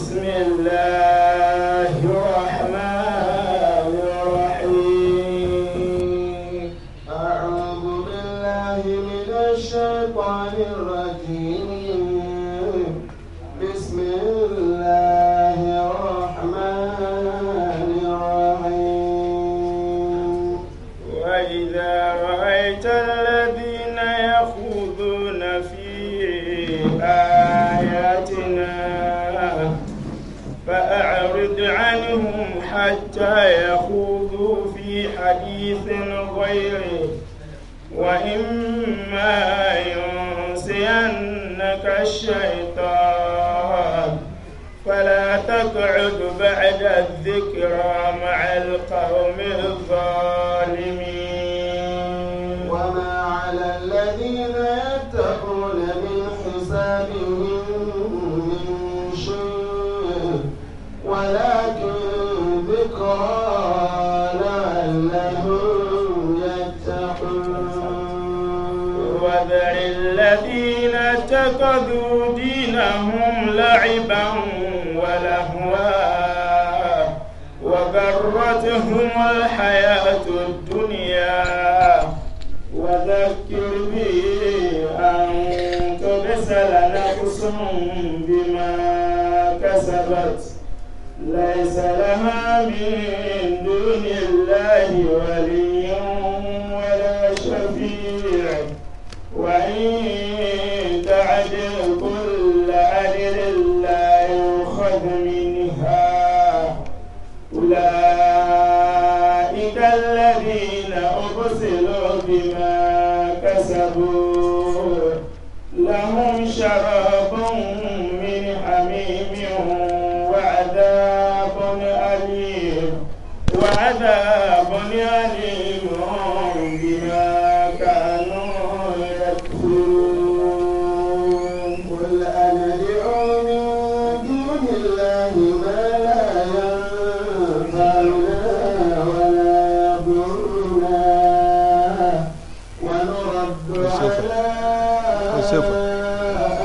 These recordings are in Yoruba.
بسم الله حديث غيره وإما ينسينك الشيطان فلا تقعد بعد الذكرى مع القوم الظالمين لعبا ولهوا وغرتهم الحياة الدنيا وذكر بي أن تبسل نفس بما كسبت ليس لها من دون الله ولي لله ما لا ينفعنا ولا يضرنا ونرد على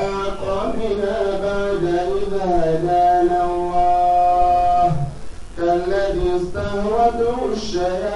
أعقابنا بعد إذا هدانا الله كالذي استهوته الشياطين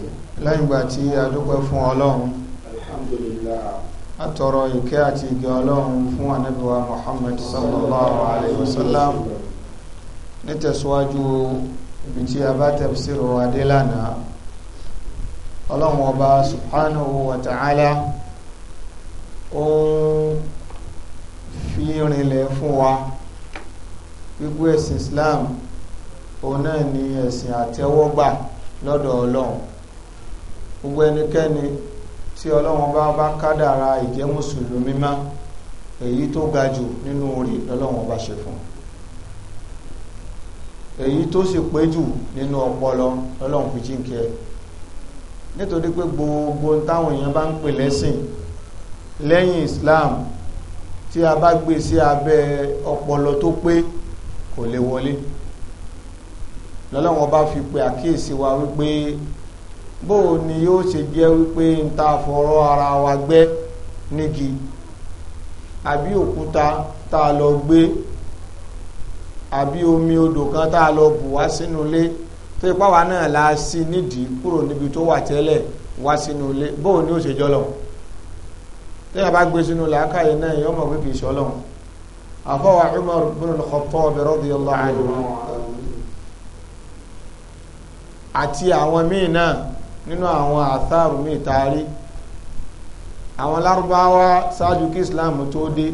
lẹ́yìn ìgbà tí a dúpẹ́ fún ọlọ́run àtọ̀rọ̀ ìkẹ́ àti ìgẹ́ ọlọ́run fún ànábì wa Muhammad sallallahu alayhi wa sallam nítẹ̀síwájú ibi tí a bá tafsiru adé lánàá ọlọ́run ọba subhanahu wa ta'ala ó fi rinlẹ̀ fún wa gbígbó ẹ̀sìn Islam òun náà ni ẹ̀sìn àtẹ́wọ́gbà lọ́dọ̀ ọlọ́run gbogbo ẹnikẹ́ni tí ọlọ́run bá bá kádàrá ìjẹ́ mùsùlùmí má èyí tó ga jù nínú orí lọ́lọ́run bá ṣe fún èyí tó sì pé jù nínú ọpọlọ lọ́lọ́run fi jíǹkẹ́ nítorí pé gbogbo táwọn èèyàn bá ń pè lẹ́sìn lẹ́yìn Islam tí a bá gbé sí abẹ́ ọpọlọ tó pé kò lè wọlé lọ́lọ́run bá fi pe àkíyèsí wa wípé bó o ni yóò ṣe jẹ́ wípé n ta fọ̀rọ̀ ara wa gbẹ́ nígi àbí òkúta tá a lọ gbé àbí omi odò kan tá a lọ bù wá sínú ilé tó ipá wa náà la sí nídìí kúrò níbi tó wà tẹ́lẹ̀ wá sínú ilé bó o ni ó ṣe jọlọ tẹ́yà bá gbé sínú làákàyè náà yọ mọ̀ pé kì àfọwà Umar bin al-Khattab radiyallahu anhu àti àwọn míì náà nínú àwọn àtàrù míì taari àwọn lárúbáwá ṣáájú kí islam tó dé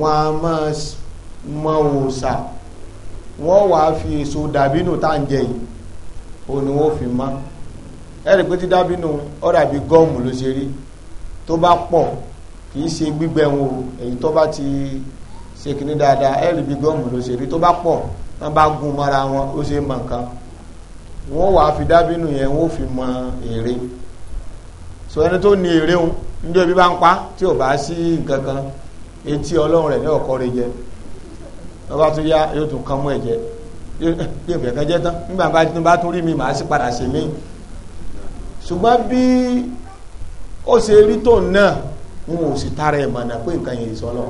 wọn a máa mọ òòṣà wọn wàá fi èso dàbínù tá à ń jẹ yìí òun ni wọn fi mọ ẹ rí i pé tí dàbínù ó dàbí gọ́ọ̀mù ló ṣe rí tó bá pọ̀ kì í ṣe gbígbẹ wọn o èyí tó bá ti ṣe kìíní dáadáa ẹ bí gọ́ọ̀mù ló ṣe rí tó bá pọ̀ wọn bá gun mọ́ra wọn ó ṣe mọ̀ nǹkan wọ́n wà á fi dábínú yẹn wọ́n fi mọ èrè so ẹni tó ní èrè òun níjọ́ ibi bá ń pa tí ò bá sí nǹkan kan etí ọlọ́run rẹ̀ ní ọ̀kọ́ rẹ̀ jẹ ọba tó yá yóò tún kán mọ́ ẹ̀jẹ̀ yóò fẹ́ kan jẹ́ tán nígbà bá tún bá tún rí mi màá sì padà sí mi ṣùgbọ́n bí ó ṣe rí tóun náà n ò sì tara ẹ̀ mọ̀nà pé nǹkan yẹn sọ́lọ́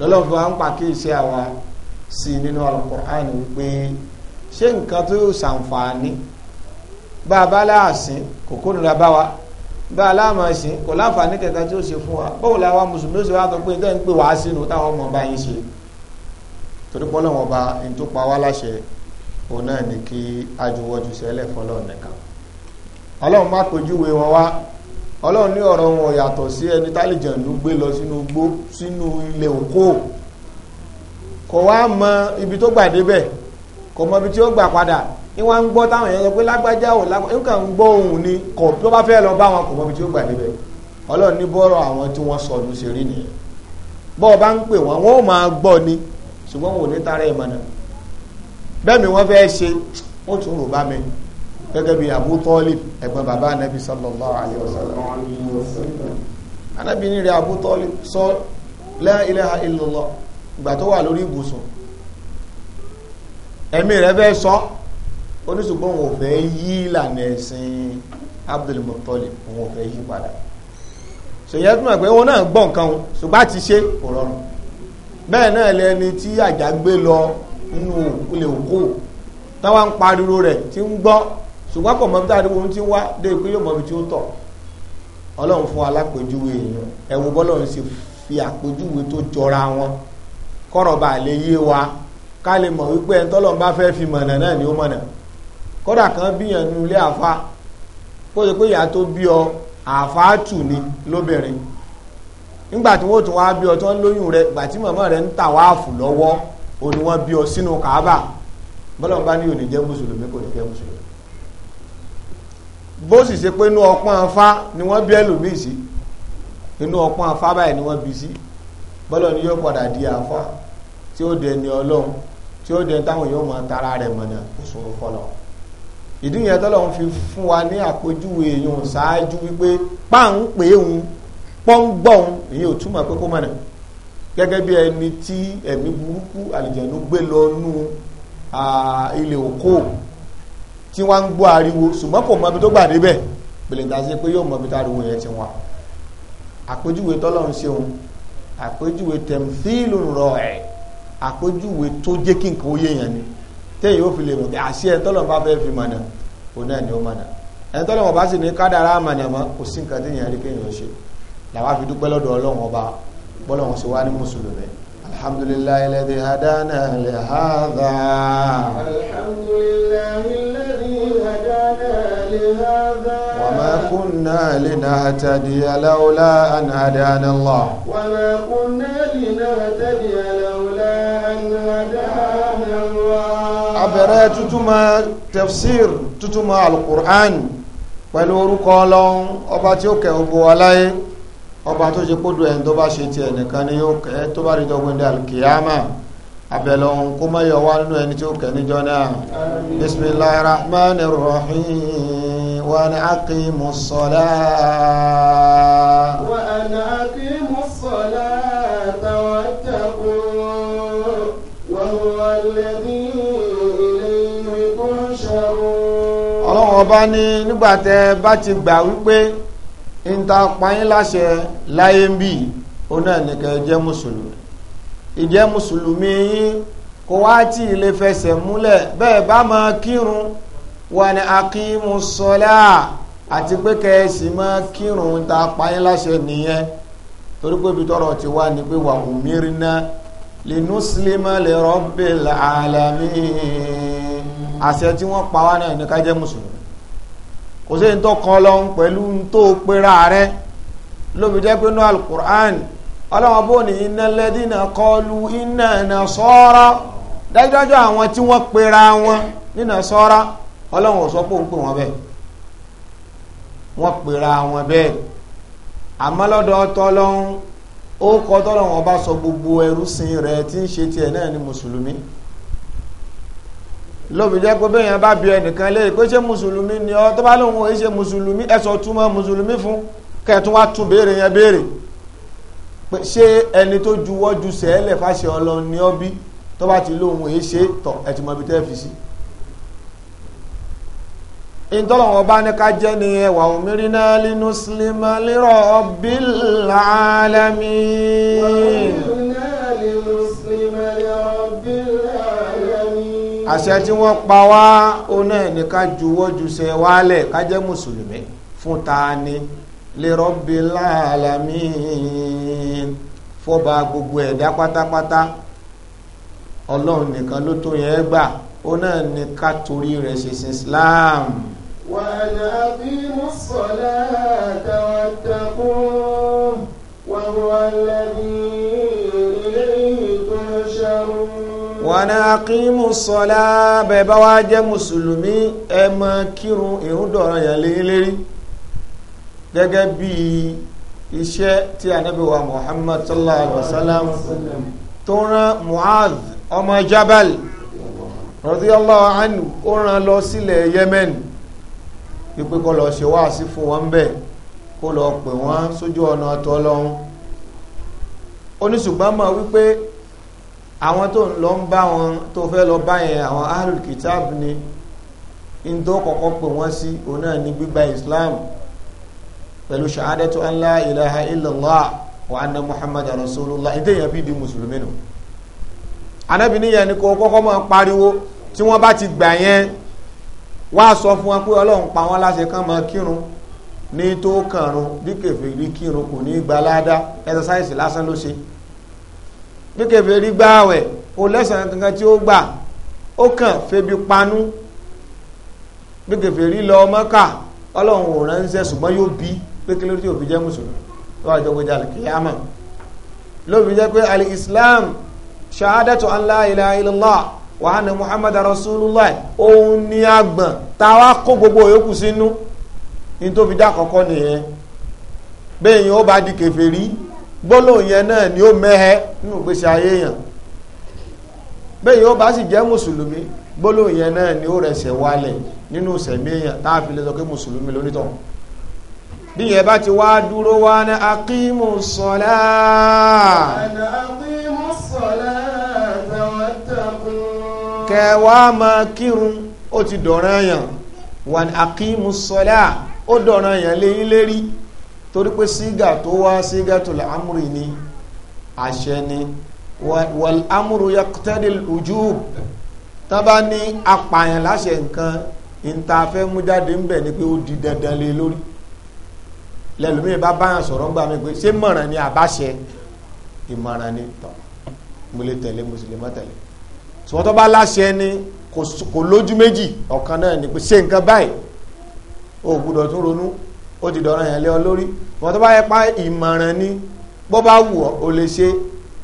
lọ́lọ́fọ́ à ń pa kí iṣẹ́ àwa sí nínú Al-Qur'an wípé ṣé nǹkan tó yóò ṣàǹfààní bá a bá láàsìn kò kórìíra bá wa bá a láàmásìn kò láǹfààní kẹta tí ó ṣe fún wa báwo la wa mùsùlùmí ó ṣe wá sọ pé tẹ́ ń pè wá sínú táwọn ọmọ ọba yín ṣe torí pọ́lọ́ wọn ba ẹni tó pa wá láṣẹ òun náà ni kí ajúwọ́jú sẹ́lẹ̀ fọlọ́ nìkan ọlọ́run má pèjúwe wọn wá ọlọ́run ní ọ̀rọ̀ wọn yàtọ̀ sí ẹni tálìjẹ̀nù gbé lọ sínú igbó sínú ilé òkú kò wá mọ ibi tó gbà débẹ̀ kò mọ ibi tí ó gbà padà ìwọ̀n ń gbọ́ táwọn èèyàn sọ pé lágbájá ò lágbájá nǹkan ń gbọ́ òun ni kò tó bá fẹ́ lọ bá wọn kò mọ ibi tí ó gbà débẹ̀ ọlọ́run ní bọ́rọ̀ àwọn tí wọ́n sọdún ṣe rí nìyẹn bọ́ ọ bá ń pè wọ́n wọ́n máa gbọ́ ni ṣùgbọ́n wọn ò ní tara ìmọ̀nà bẹ́ẹ̀ mi wọ́n fẹ́ ṣe ó tún rò bá mi gẹ́gẹ́ bí Abu Talib ẹ̀gbọ́n bàbá anabi sallallahu alayhi wa sallam anabi ní rẹ̀ Abu Talib sọ la ilaha illallah ìgbà tó wà lórí ibùsùn ẹ̀mí rẹ̀ fẹ́ sọ oníṣùgbọ́n òun ò fẹ́ yí ìlànà ẹ̀sìn Abdul Muttalib òun ò fẹ́ yí padà ṣèyẹ tó mọ̀ pé òun náà gbọ́ nǹkan ṣùgbọ́n àti ṣe kò rọrùn bẹ́ẹ̀ náà lẹni tí àjà gbé lọ nínú ilé òkú táwa ń pariwo rẹ̀ tí ń gbọ́ ṣùgbọ́n kò mọ̀ bí táwọn ohun ti wá dé pé yóò mọ̀ bí tí ó tọ̀ ọlọ́run fún alápèjúwe èèyàn ẹ̀wù bọ́lọ́run sì fi àpèjúwe tó jọra wọn kọ́rọ̀ bá lè yé wa ká lè mọ̀ wípé ẹni tọ́lọ́run bá fẹ́ fi mọ̀nà náà ni ó mọ̀nà kódà kan bíyàn nu ilé àfa kó o pé ìyá tó bí ọ àfa tù ni lóbìnrin nígbà tí wọ́n tún wá bí ọ tó ń lóyún rẹ ìgbà tí màmá rẹ ń tà wá àfù lọ́wọ́ o ni wọ́n bí ọ sínú kàábà bọ́lọ̀ bá ní òní jẹ́ mùsùlùmí kò ní jẹ́ mùsùlùmí bó sì ṣe pé inú ọpọ́n afá ni wọ́n bí ẹlòmíì sí inú ọpọ́n afá báyìí ni wọ́n bí sí bọ́lọ̀ ni yóò padà di àfa tí ó dẹni ọlọ́run tí ó dẹ̀ táwọn yóò máa tara rẹ̀ mọ̀nà kò sòrò fọlọ̀ ìdí yẹn tọ́lọ̀ ń fi fún wa ní àpèjúwe èèyàn ṣáájú wípé páàń pè é òun pọ́ńgbọ́n èyí ò túmọ̀ pé kó mọ̀nà gẹ́gẹ́ bí ẹni tí ẹ̀mí burúkú àlìjẹ̀nú gbé lọ nú ilé òkú tí wọ́n ń gbọ́ ariwo ṣùgbọ́n kò mọ ibi tó gbà débẹ̀ gbèlèǹda sí pé yóò mọ ibi táriwo yẹn ti wà àpèjúwe tọ́lọ́run ṣeun àpèjúwe tẹ̀mfílù rọ̀ ẹ̀ àpèjúwe tó jẹ́ kí nǹkan ó yéèyàn ni téèyàn ó fi lè mọ̀ pé àṣẹ ẹ̀ tọ́lọ̀ bá fẹ́ fi mọ̀nà òun náà ni ó mọ̀nà ẹ̀ tọ́lọ̀ bá sì ní kádàrá mọ̀nà kò sí nǹkan téèyàn rí kéèyàn ṣe làwa fi dúpẹ́ lọ́dọ̀ ọlọ́run ọba bọ́lọ́run ṣe wá ní mùsùlùmí alhamdulillahi alladhi hadana li hadha alhamdulillahi alladhi hadana وما كنا لنهتدي لولا أن هدانا الله وما كنا لنهتدي لولا أن هدانا الله عبرة تتما تفسير تتما القرآن pẹ̀lú orúkọ ọlọ́run ọba tí ó kẹ́ ogun aláyé ọba tó ṣe kó dùn ẹni tó bá ṣe ti ẹnìkan ni yóò kẹ́ tó bá rí dọ́gbọ́n dé alkiyama abẹ́lọ́hun kó má yọ wá nínú ẹni tí ó kẹ́ níjọ́ náà bismillahir rahmanir rahim wa an aqimu s-salah wa an aqimu s-salah wattaqu wa huwa alladhi ilayhi tuhsharun ọlọ́run bá ti gbà wípé ń ta pààyín láṣẹ láyé ń bì ó náà nìkan jẹ́ mùsùlùmí ìjẹ́ mùsùlùmí yín kò wá tí ilé fẹsẹ̀ múlẹ̀ bẹ́ẹ̀ bá máa kírun wà ní akímù sọlá àti pé kẹ́ẹ̀sì máa kírun ta payín láṣẹ nìyẹn torí pé ibi ti wá ni pé wà umirna linuslima li rabbil alamin àṣẹ tí wọ́n pa wá náà ní ká jẹ́ mùsùlùmí kò sí ní tó kọ́ lọ́n pẹ̀lú tó pera rẹ lóbi jẹ́ pé ní alukur'an ọlọ́wọ́n bó ní iná lẹ́dínà kọlu iná nasara dájúdájú àwọn tí wọ́n pera wọn ní nasara ọlọ́wọ́n sọ pé òun pè wọ́n bẹ́ẹ̀ wọ́n pera wọn bẹ́ẹ̀ àmọ́ lọ́dọ̀ tọ́lọ́hún ó kọ́ tọ́lọ́hún ọba sọ gbogbo ẹrú sin rẹ̀ tí ń ṣe tiẹ̀ náà ní mùsùlùmí lóbi jẹ́ pé bẹ́yàn bá bí ẹnìkan lé pé ṣé mùsùlùmí ni ọ tó bá lóun ò ṣe mùsùlùmí ẹ sọ túmọ̀ mùsùlùmí fún kẹ́ẹ̀tún wá tún béèrè yẹn béèrè pé ṣé ẹni tó juwọ́ ju sẹ́ẹ̀lẹ̀ fáṣẹ ọlọ́run ní ọ́bí tó bá ti lóhun èé ṣe tọ̀ ẹ̀tì tẹ́ fi sí ìtọ́lọ̀wọ̀n bá ní ká jẹ́ ni ẹwà òmìnirínà línú sílímà lérọ̀ ọ̀bìl alamin àṣẹ tí wọ́n pa wá ó náà ní ká juwọ́ sẹ́ẹ̀ wálẹ̀ ká jẹ́ mùsùlùmí fún ta ni lirabbil alamin fọba gbogbo ẹ̀dá pátápátá ọlọ́run nìkan ló tó yẹn gbà ó náà ní ká torí rẹ̀ ṣe sin Islam. wa aqimu ssalata wattaqu wa huwa alladhi ilayhi tusharun. bá wá jẹ́ mùsùlùmí ẹ máa kírun ìrúdọ̀rọ̀ yẹn lérí lérí gẹ́gẹ́ bí iṣẹ́ tí ànábì wa Muhammad sallallahu alaihi wasallam tó rán Mu'adh ọmọ Jabal radiyallahu anhu ó rán lọ sílẹ̀ Yemen wípé kó lọ ṣe wáàsí fún wọn bẹ́ẹ̀ kó lọ pè wọ́n sójú ọ̀nà tọ́lọ́hún oníṣùgbọ́n mọ̀ wípé àwọn tó lọ ń bá wọn tó fẹ́ lọ bá yẹn àwọn ahlul kitab ni ń tó kọ́kọ́ pè wọ́n sí òun náà ní gbígba Islam pẹ̀lú shahadatu an la ilaha illallah wa anna muhammad rasulullah ìdí èèyàn fi di mùsùlùmí nù anábì níyẹn ni kò kọ́kọ́ máa pariwo tí wọ́n bá ti gbà yẹn wá sọ fún wọn pé ọlọ́run pa wọ́n láṣẹ kán máa kírun ní tó kàrún bí kèfèrí kírun kò ní gba ládàá ẹsẹsáìsì lásán ló ṣe bí kèfèrí gbá àwẹ̀ o lẹ́sàn kankan tí ó gbà ó kàn febi panú bí kèfèrí lọ Mẹ́kà ọlọ́run ò ránṣẹ́ ṣùgbọ́n yóò bí pé kí lórí tí òbí jẹ́ mùsùlùmí tó wà jọgbọ́jà alkiyama lóbi jẹ́ pé al-islam shahadatu an la ilaha illallah wa muhammadu rasulullah òun ni àgbọ̀n táwa kó gbogbo yòókù sínú ní tó fi dá kọ́kọ́ nìyẹn bẹ́ẹ̀ yóò bá di kèfèrí gbólóhùn yẹn náà ni ó mẹ́hẹ́ nínú ìgbésí ayé yẹn bẹ́ẹ̀ yóò bá sì jẹ́ mùsùlùmí gbólóhùn náà ni ó rẹsẹ̀ wálẹ̀ nínú ìsẹ̀mí èèyàn tá fi lè sọ pé mùsùlùmí lónítọ̀hún bí yẹn bá ti wá dúró wá ní akímù sọ́lá kẹwàá máa kírun ó ti dọ̀ràn yàn wà ní akímù sọ́lá ó dọ̀ràn yàn léyìn lérí torí pé sígà tó wá sígà tó lámùrì ni àṣẹ ni wàl amúrú yaqtadi al-wujub ní apààyàn láṣẹ nǹkan ìntàfẹ́ mú jáde ń bẹ̀ ni pé ó di dandan lé lórí lẹ́lòmíì bá báyàn sọ̀rọ̀ gbà mí pé ṣé mọ̀ràn ni àbáṣe ìmọ̀ràn ni tọ̀ mo lè tẹ̀lé mo sì lè má tẹ̀lé ṣùgbọ́n tó bá láṣẹ ni kò lójú méjì ọ̀kan náà ni pé ṣe nǹkan báyìí o gbúdọ̀ tún ronú ó ti dọ̀rọ̀ yẹn lé ọ lórí ṣùgbọ́n tó bá yẹ pa ìmọ̀ràn ni bó bá wù ọ́ o lè ṣe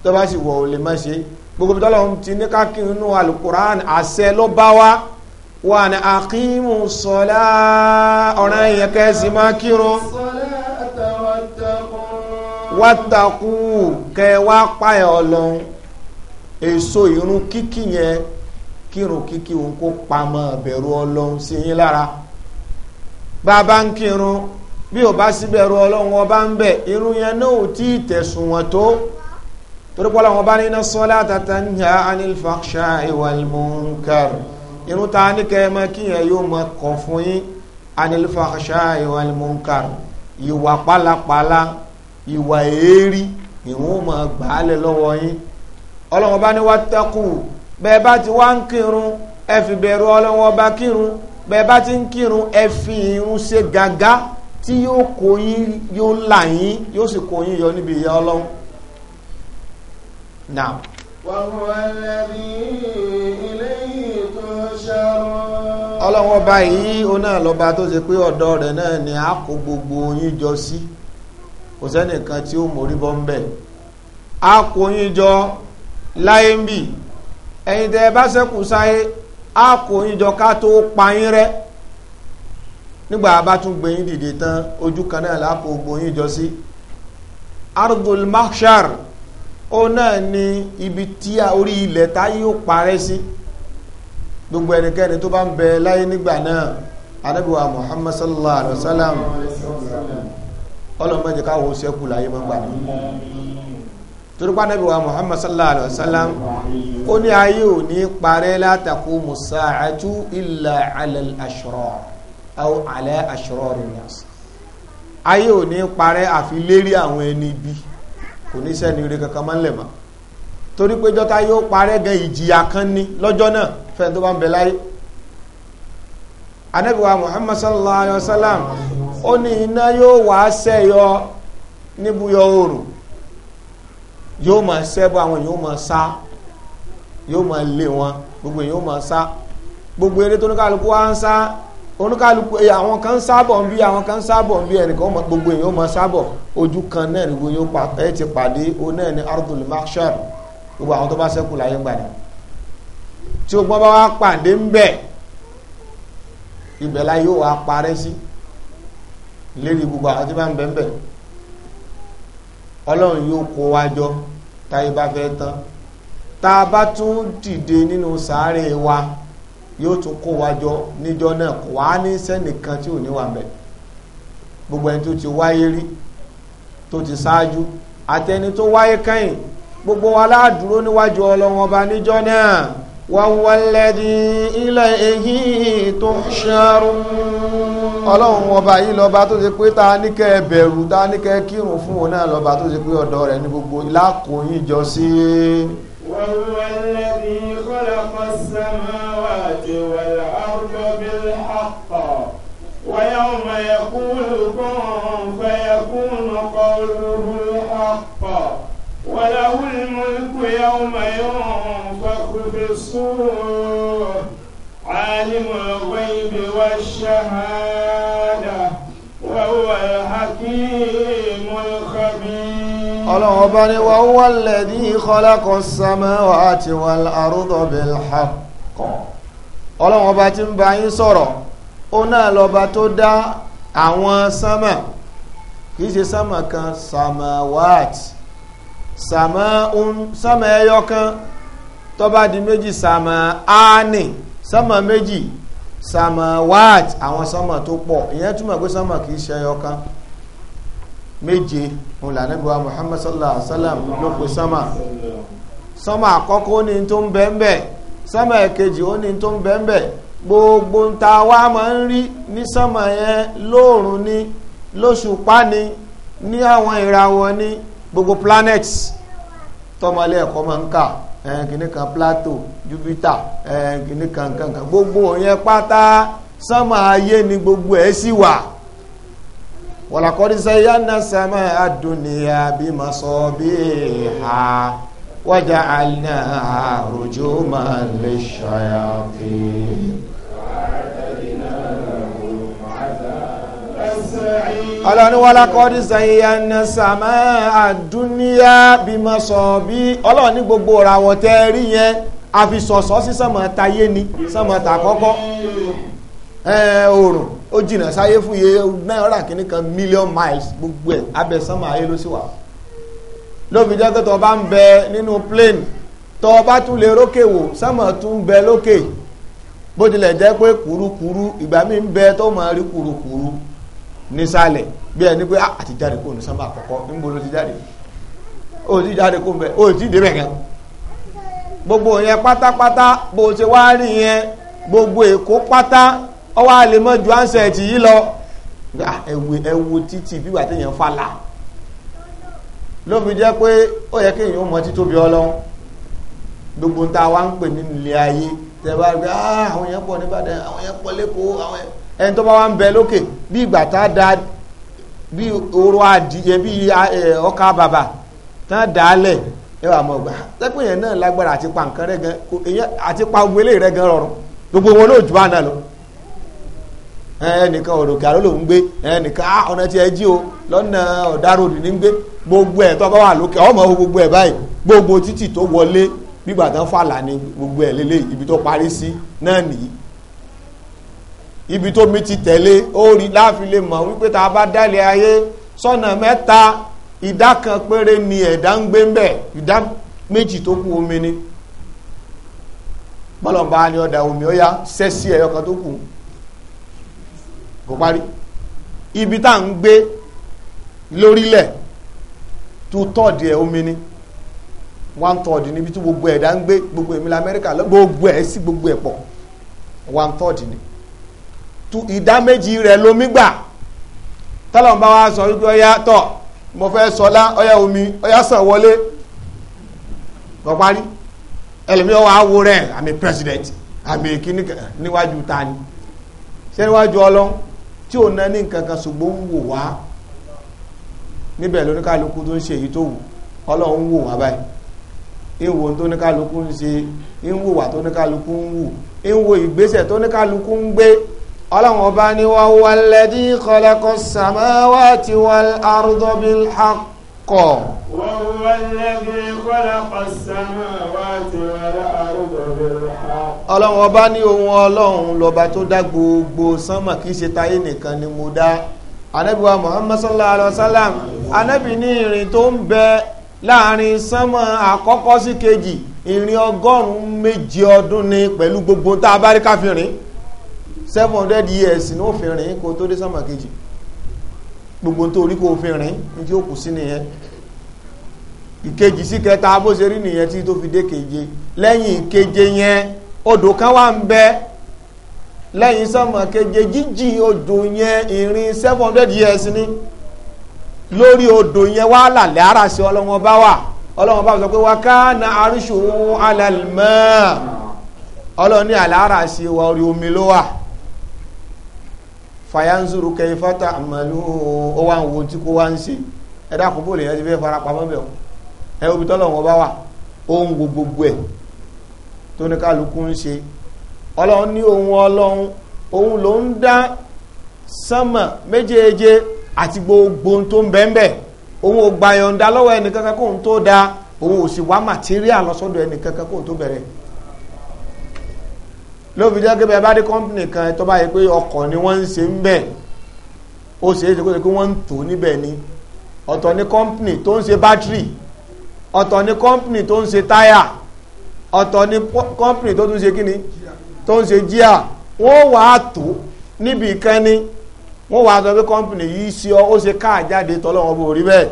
tó bá sì wù ọ́ o lè má ṣe gbogbo tó lọ́wọ́ ti ní káàkiri alukuran àṣẹ ló bá wa wà ní àkímù sọ́lá ọ̀ràn yẹn kẹ́sì má kírun wátàkù kẹ wá páyà ọlọ́run èso ìrun kíkì yẹn kírun kíkì òun kó pamọ́ bẹ̀rù ọlọ́run sí yín lára bàbá ń kírun bí ò bá sí bẹ̀rù ọlọ́run ọba ń bẹ̀ irun yẹn náà ò tí ì tẹ̀sùn wọn tó torí pọ́lá wọn bá nínú sọ́lá tata ń ya anil faksha wal munkar irun ta ní kẹ́ẹ̀mọ́ kí yẹn yóò mọ kọ̀ fún yín anil faksha wal munkar ìwà pálapàla. Pala ìwà èérí ìwọ̀n mọ̀ gbàálẹ̀ lọ́wọ́ yín ọlọ́wọ́n bá ní wá tẹ́kù bẹ́ẹ̀ bá ti wá ń kírun ẹ fi bẹ̀rù ọlọ́wọ́n bá kírun bẹ́ẹ̀ bá ti ń kírun ẹ fi irun ṣe gàgá tí yóò kó yín yọ níbi ó pé náà ni a gbogbo yín jọ sí. Si kò sẹ́nìkan tí ó mórí bọ́ ń bẹ̀ a kò yín jọ láyé ń bì ẹ̀yin tẹ́ bá ṣẹ́kù sáyé a kò yín jọ ká tó pa yín rẹ́ nígbà bá tún gbé yín dìde tán ojú kan náà lápò gbóyìn jọ sí ardul mahshar ó náà ní ibi tí orí ilẹ̀ tá yóò parẹ́ sí gbogbo ẹnikẹ́ni tó bá ń bẹ láyé nígbà náà anábìwá muhammad sallallahu alaihi wa sallam ọlọ́mọdé káwọ́ sẹ́kù láyé máa ń gbà ní torípa nàbí wa muhammad sallallahu alaihi wasallam ó ní ayé ò ní parẹ́ la taqumu sa'atu illa ala al-ashrar aw ala ashrar an-nas ayé ò ní parẹ́ àfi lérí àwọn ẹni bí kò ní sẹ́ni rí kankan máa ń lẹ̀ mọ́ torí pé jọ́ta yóò parẹ́ gan ìjìyà kan ní lọ́jọ́ náà fẹ́ni tó bá ń bẹ láyé anabi wa muhammad sallallahu alaihi wasallam ó ní iná yóò wá sẹ́yọ níbuyọ oòrùn yóò máa sẹ́bọ̀ àwọn yóò máa sá yóò máa lé wọn gbogbo yóò máa sá gbogbo eré tó oníkàlùkù wá ń sá oníkàlùkù eh, àwọn kan sábọ̀ ń bí àwọn kan sábọ̀ ń bí ẹnìkan gbogbo yóò máa sábọ̀ ojú kan náà ní gbogbo ẹ ti pàdé o náà ní ardul mahshar gbogbo àwọn tó bá sẹ́kù láyé gbà ní tí o gbọ́n bá wá pàdé ń bẹ̀ ibẹ̀ la yóò wá parẹ́ sí. Si lérí gbogbo àwọn tí bá ń bẹ̀m̀bẹ̀ ọlọ́run yóò kó wa jọ táyé bá fẹ́ tán tá a bá tún dìde nínú sàárè wa yóò tún kó wa jọ níjọ náà kò wá ní sẹ́nìkan tí ò ní wà ńbẹ̀ gbogbo ẹni tó ti wáyé rí tó ti ṣáájú ẹni tó wáyé kẹ́yìn gbogbo wa láàdúró níwájú ọlọ́run ọba níjọ náà wa huwa alladhi ilayhi tuhsharun. ọlọ́run ọba yìí lọ́ba tó ṣe pé ta ní kẹ́ bẹ̀rù ta ní kẹ́ kírun fún òun náà lọ́ba tó ṣe pé ọ̀dọ̀ rẹ̀ ní gbogbo lákòóyìn jọ sí. وهو الذي خلق السماوات والأرض بالحق ويوم عالم الغيب والشهادة وهو الحكيم الخبير الله وهو الذي خلق السماوات والأرض بالحق ọlọ́run ọba tí ń bá yín sọ̀rọ̀ ó náà lọ́ba tó dá àwọn sánmà kìí ṣe sánmà kan samawat sánmà ẹyọ kan tó di méjì sánmà áánì sánmà méjì sánmà wáàt àwọn sánmà tó pọ̀ ìyẹn túmọ̀ pé sánmà kìí ṣe ọ̀kan méje ńlá Ànábì wa Muhammad sallallahu alaihi wasallam. sallam ló pe sánmà sánmà àkọ́kọ́ ní tó ń bẹ́ẹ̀ sánmà ẹ̀kejì ó ní tó ń bẹ́ẹ̀ gbogbo ń ta wá máa ń rí ní sánmà yẹn lóòrùn ni lóṣùpá ni ní àwọn ìràwọ̀ ni gbogbo planets tọmọlé ẹ̀kọ́ máa ń kà Eh, kìnnì kan Plato Jupiter eh, kìnnì kan kankan gbogbo yẹn pátá sánmà ayé ni gbogbo ẹ̀ sì wà wàlàkọ́dísẹ́ yánà sàmà àdúnìyà bí ma sọ bí ha wájà àlìnà àròjò máa lè ṣàyàfẹ́. ọlọ́ni wọlá kọ́dí sàyẹ̀nà sàmà àdúníyà bímọ sọ̀bí ọlọ́ni gbogbo ràwọ̀ tẹ́ rí yẹn àfisọ̀sọ́ sí sánmà tayé ni sánmà tàkọ́kọ́ oòrùn ó jìnà sáyé fún iye náírà kìíní kan million miles gbogbo ẹ̀ abẹ́ sánmà ayé ló sì wà lóbi jẹ́ pé tó bá ń bẹ nínú plane tó bá tún lè rókè wò sánmà tún bẹ lókè bó tilẹ̀ jẹ́ pé kùrukùru ìgbà mi ń bẹ tó máa rí kùrukùru. Kuru nísàlẹ̀ bí ẹni pé àti ah, jáde kó ní sábà àkọ́kọ́ níbo ló ti jáde ó ti jáde kó bẹ ó ti débẹ̀ gan gbogbo yẹn pátápátá bó ṣe wá rí yẹn gbogbo èkó pátá ọwọ́ àlè mọ́ ju ansẹ̀tì yìí lọ ẹ̀wù ẹ̀wù títì bí wà téèyàn fàlà ló fi jẹ́ pé ó yẹ kéèyàn ó mọ títóbi ọlọ́run gbogbo ń ta wá ń pè nínú ilé ayé tẹ bá rí pé ah, àwọn yẹn pọ̀ níbàdàn àwọn yẹn pọ̀ lẹ́kọ̀ọ́ àwọn yẹn ẹni tó bá wá ń bẹ lókè bí ìgbà tá a da bí oró adìyẹ bí ọkà bàbà tá a dà á lẹ̀ ẹ wà mọ̀ gbà lẹ́pẹ́ yẹn náà lágbára àti pa nǹkan rẹ̀ gan àti pa wọlé rẹ̀ gan rọrùn gbogbo wọn ló jù bá náà lọ ẹnìkan òròkè àlọ́ ló ń gbé ẹnìkan ah, ọ̀nà tí ẹ jí o lọ́nà ọ̀dàròdì ní gbé gbogbo ẹ̀ tó bá wà lókè ọmọ gbogbo ẹ̀ báyìí gbogbo títì tó wọlé bígbà tán fàlà ní gbogbo ẹ̀ lélẹ́yìí ibi tó parí sí náà nìyí ibi tó mi ti tẹ̀lé ó rí láàfin lè mọ̀ wípé tá bá dálé ayé sọ́nà mẹ́ta ìdá kan péré ni ẹ̀dá ń gbé ń bẹ̀ ìdá méjì tó kù omi ni bọ́lọ̀mbá ni ọ̀dà omi ó yá sẹ́sí ẹ̀yọ kan tó kù kò parí ibi tá ń gbé lórílẹ̀ tó tọ́ọ̀dì ẹ̀ omi ni one third níbi tí gbogbo ẹ̀dá ń gbé gbogbo èmi lamẹ́ríkà gbogbo ẹ̀ sí gbogbo ẹ̀ pọ̀ one third ni ìdá méjì rẹ̀ lomi gbà tọ́lọ̀ ń bá wa sọ wípé ọyá tọ̀ mo fẹ́ sọlá ọyá omi ọyá sàn wọlé gbọ́ parí ẹlòmíì ọwọ́ awo rẹ̀ àmì president àmì kíní níwájú ta ni ṣé níwájú ọlọ́run tí ò náà ní nǹkan kan ṣùgbọ́n ń wò wá níbẹ̀ lóníkàlùkù tó ń ṣe èyí tó wù ọlọ́run ń wò wá báyìí ìwò tó ní ń ṣe ìwòwà tó ní kálukú ń wù ìwò ìgbésẹ̀ tó ń gbé ọlọ́run ọba ni wa huwa alladhi khalaqa as-samawati wal arda bil haqq. wa huwa alladhi khalaqa as-samawati wal arda bil haqq. ọlọ́run ọba ní ohun ọlọ́run lọ́ba tó dá gbogbo sánmà kì ṣe táyé nìkan ni mo dá anabi wa muhammad sallallahu alaihi wa sallam anabi ní ìrìn tó ń bẹ láàrin sánmà àkọ́kọ́ sí kejì ìrìn ọgọ́rùn-ún méje ọdún ni pẹ̀lú gbogbo tá a bá rí káfírin seven hundred years ní ó fi rìn kó tó dé sánmà kejì gbogbo tó rí kó fi rìn ní tí ó kù sí nìyẹn ìkejì sí kẹta bó ṣe rí nìyẹn tí tó fi dé keje lẹ́yìn ìkeje yẹn odò kan wà ń bẹ lẹ́yìn sánmà keje jíjìn odò yẹn ìrìn seven hundred years ni lórí odò yẹn wà lálẹ́ ara sí ọlọ́wọ́n bá wà ọlọ́wọ́n bá sọ pé wà ká na àríṣòwò alàlùmọ́ ọlọ́ni àlàárà sí wa orí omi ló wà fàyánzúrú kẹfàtà àmàlú ó wá ń wo tí kò wá ń ṣe ẹ̀dá kò bó lè yẹn ti fẹ́ fara pamọ́ bẹ̀ ẹ obi tọ́lọ̀ wọn bá wà ó ń wo gbogbo ẹ̀ tó ní kálukú ń ṣe ọlọ́run ní ohun ọlọ́run òun ló ń dá sánmà méjèèje àti gbogbo tó ń bẹ́ńbẹ́ òun ò gbàyọ̀ǹda lọ́wọ́ ẹnìkankan kóun tó da òun ò wá màtíríà lọ́sọ́dọ̀ ẹnìkankan kóun tó bẹ̀rẹ̀ ló fi jẹ́ kébẹ̀ bá dé kọ́mpìnì kan tó bá yẹ pé ọkọ̀ ni wọ́n ń ṣe ń bẹ̀ ó ṣe é ṣe kó ṣe pé wọ́n ń tò níbẹ̀ ni ọ̀tọ̀ ni kọ́mpìnì tó ń ṣe bátìrì ọ̀tọ̀ ni kọ́mpìnì tó ń ṣe táyà ọ̀tọ̀ ni kọ́mpìnì tó tún ṣe kíni tó ń ṣe jíà wọ́n wà á tó níbi ìkànnì wọ́n wà á sọ pé kọ́mpìnì yìí ṣe ó ṣe káà jáde tọ́lọ́wọ́n bò rí bẹ́ẹ̀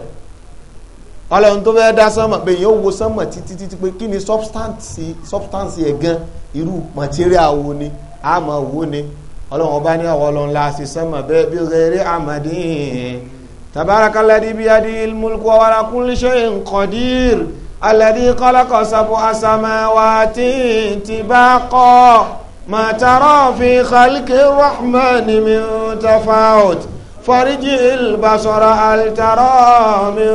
ọlọ́run tó fẹ́ dá sánmọ̀ pé èèyàn wo sánmọ̀ títí títí pé kí ni substance substance yẹn gan irú material wo ni àmọ́ wo ni ọlọ́run ọba ní àwọn ọlọ́run la ṣe sánmọ̀ bẹ́ẹ̀ bí rere amadin tabarakaladi biyadi ilmulku wala kulli shay'in qadir aladi khalaqa sab'a samawati tibaqa ma tara fi khalqi rahmani min tafawut. فارجع البصر هل ترى من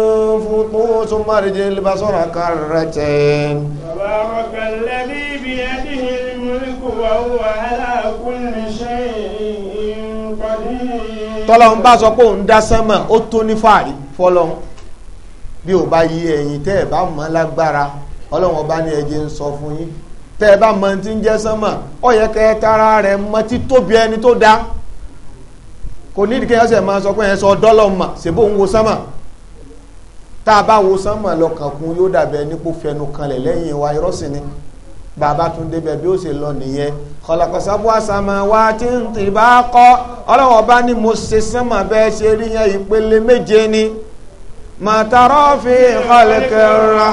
فطور ثم ارجع البصر كرتين تبارك الذي بيده الملك وهو على كل شيء قدير bá sọ pé òun ó tó ní fàárí bí ò bá yí ẹ̀yin tẹ́ ẹ̀ bá lágbára ọlọ́run fún yín tẹ́ bá ń jẹ́ tara rẹ̀ ẹni tó dá kò ní ìdíkẹ́ ọ̀sẹ̀ máa sọ pé ẹ̀ sọ dọ́lọ̀ mà ṣèbó ń wo sánmà tá a bá wo sánmà lọ́kàn kún yóò dàbẹ̀ nípò fẹnu kanlẹ̀ lẹ́yìn wa irọ́ sì ni bàbá tún débẹ̀ bí ó ṣe lọ nìyẹn kọlọkọsábú àsàmà wa tí ń tì bá kọ́ ọlọ́wọ́ bá ní mo ṣe sánmà bẹ́ẹ̀ ṣe rí yẹn ìpele méje ni màtàrọ́ fi ìkọlẹ̀kẹ̀ rà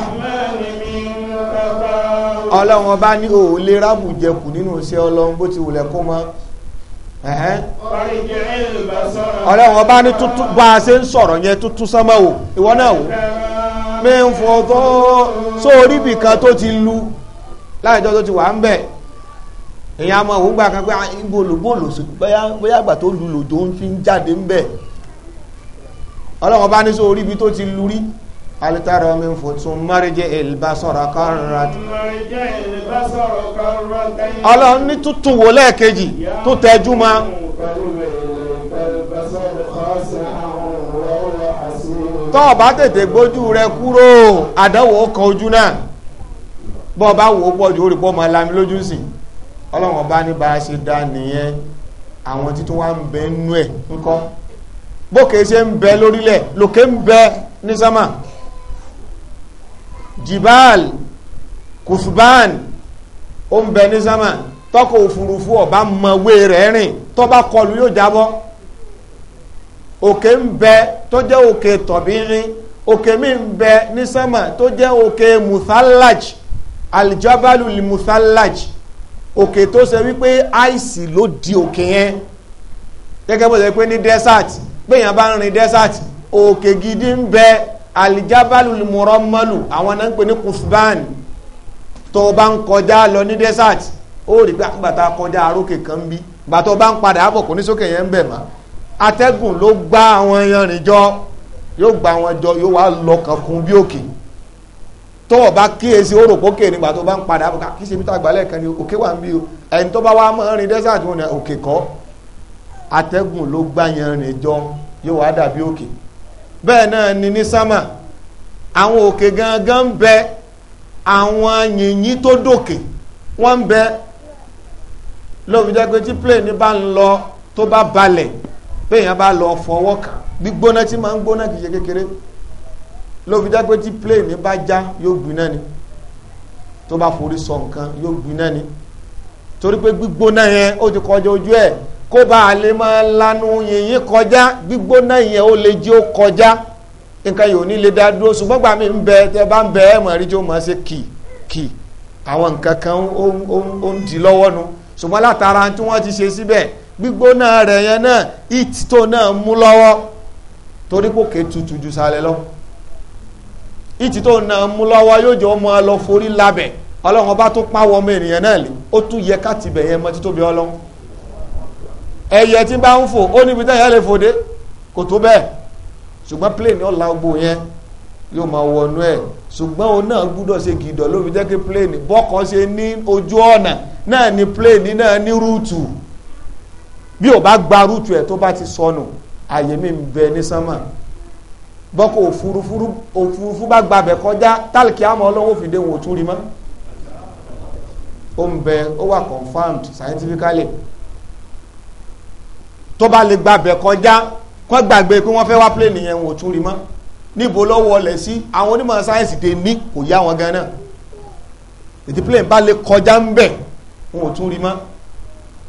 ọlọ́wọ́ bá ní òòlera bùjẹkù nínú iṣẹ́ ọlọ́run bó ti wùlẹ̀ kó máa ọ̀rẹ́ bá ní tuntun bá a ṣe ń sọ̀rọ̀ yẹn tuntun sánmọ́ o ìwọ náà o mi ń fọ tó tó ti lu láìjọ tó ti wà ń bẹ̀ èèyàn àmọ́ òun gbà kan pé ah, bóòlù bóyá àgbà tó lu هل ترى من فوت ثم مرجع البصر كرت ọlọ́run ní tuntun wò lẹ́ẹ̀kejì tó tẹ́jú ma tọ́ bá tètè gbójú rẹ kúrò àdánwò ọkọ̀ ojú náà bọ́ bá wò ó pọ̀jù ó rí pọ́ ma lami lójú sí ọlọ́run ọba ní bá ṣe dá nìyẹn àwọn títún wá ń bẹ nú ẹ̀ ńkọ́ bókè ṣe ń bẹ lórílẹ̀ lókè ń bẹ ní sámà jibal kùfùbán ó ń bẹ ní sámà tọkọ òfurufú ọba mọwé rẹ̀ rìn tó bá kọlù yóò jábọ́ òkè ń bẹ tó jẹ́ òkè tọ̀bírin òkè mi ń bẹ ní sámà tó jẹ́ òkè muthalaj alijabalu muthalaj òkè tó ṣe wípé àìsí ló di òkè yẹn gẹ́gẹ́ bó ṣe pé ní desert gbẹ̀yàn bá ń rin desert òkè gidi ń bẹ alijabalu muramalu àwọn náà ń pè ní kufban tó o bá ń kọjá lọ ní desert ó rí pé àgbàtà kọjá arókè kan bí gbàtọ́ bá ń padà àbọ̀ kò ní sókè yẹn ń bẹ̀ mọ́ atẹ́gùn ló gbá àwọn yanrìn jọ yóò gbá àwọn jọ yóò wá lọ kankun bí òkè tó o bá kíyèsí ó rò pókè nígbà tó bá ń padà àbọ̀ ah, kí ṣe bí àgbàlẹ̀ kan ni òkè wà ń bí o ẹni tó bá wá mọ́ rìn desert wọn ni ah, òkè kọ́ atẹ́gùn ló gbá yanrìn jọ yóò wá dàbí òkè. Okay bẹ́ẹ̀ náà ni ní sámà àwọn òkè gangan ń bẹ àwọn yìnyín tó dòkè wọ́n ń bẹ lóòfin jẹ́ pé tí plane bá ń lọ tó bá balẹ̀ péèyàn bá lọ fọwọ́ kàn gbígbóná tí máa ń gbóná kìí ṣe kékeré lóòfin pé tí plane bá já yóò gbiná ni tó bá forí sọ nǹkan yóò gbiná ni torí pé gbígbóná yẹn ó ti kọjá ojú ẹ̀ kó bá lè máa lanu yìnyín kọjá gbígbóná yẹn ó lè jí ó kọjá nǹkan yìí ò ní lè dá dúró ṣùgbọ́n gbà mí ń bẹ tẹ bá ń bẹ ẹ̀ mọ̀ máa ṣe kì kì àwọn nǹkan kan ó ń di lọ́wọ́ nu ṣùgbọ́n látara tí wọ́n ti ṣe síbẹ̀ gbígbóná rẹ̀ yẹn náà it tó náà na mú lọ́wọ́ yóò jọ ọba tó pàwọ́ náà yẹ yẹn mọ́ títóbi ẹyẹ tí bá ń fò ó níbi tẹ́yẹ lè fòdé kò tó bẹ́ẹ̀ ṣùgbọ́n plane ọ̀la gbò yẹn yóò máa wọnú ẹ̀ ṣùgbọ́n òun náà gbúdọ̀ ṣe gìdọ̀ ló fi jẹ́ kí plane bọ́kọ̀ ṣe ní ojú ọ̀nà náà ni plane náà ní rúùtù bí ò bá gba rúùtù ẹ̀ tó bá ti sọnù àyè mi ń bẹ ní sánmà bọ́kọ̀ òfurufú bá gbabẹ̀ kọjá tálkì àmọ́ ọlọ́wọ́ fìdí òun ò mọ́ ó ń bẹ ó wà confirmed scientifically tó bá lè gbàbẹ̀ kọjá kọ́ gbàgbé pé wọ́n fẹ́ wá plane yẹn wò tún rí mọ́ níbo ló wọlẹ̀ sí àwọn onímọ̀ sáyẹ́nsì tè ní kò yá wọn gan náà ètí plane bá lè kọjá ń bẹ̀ wọn ò tún rí mọ́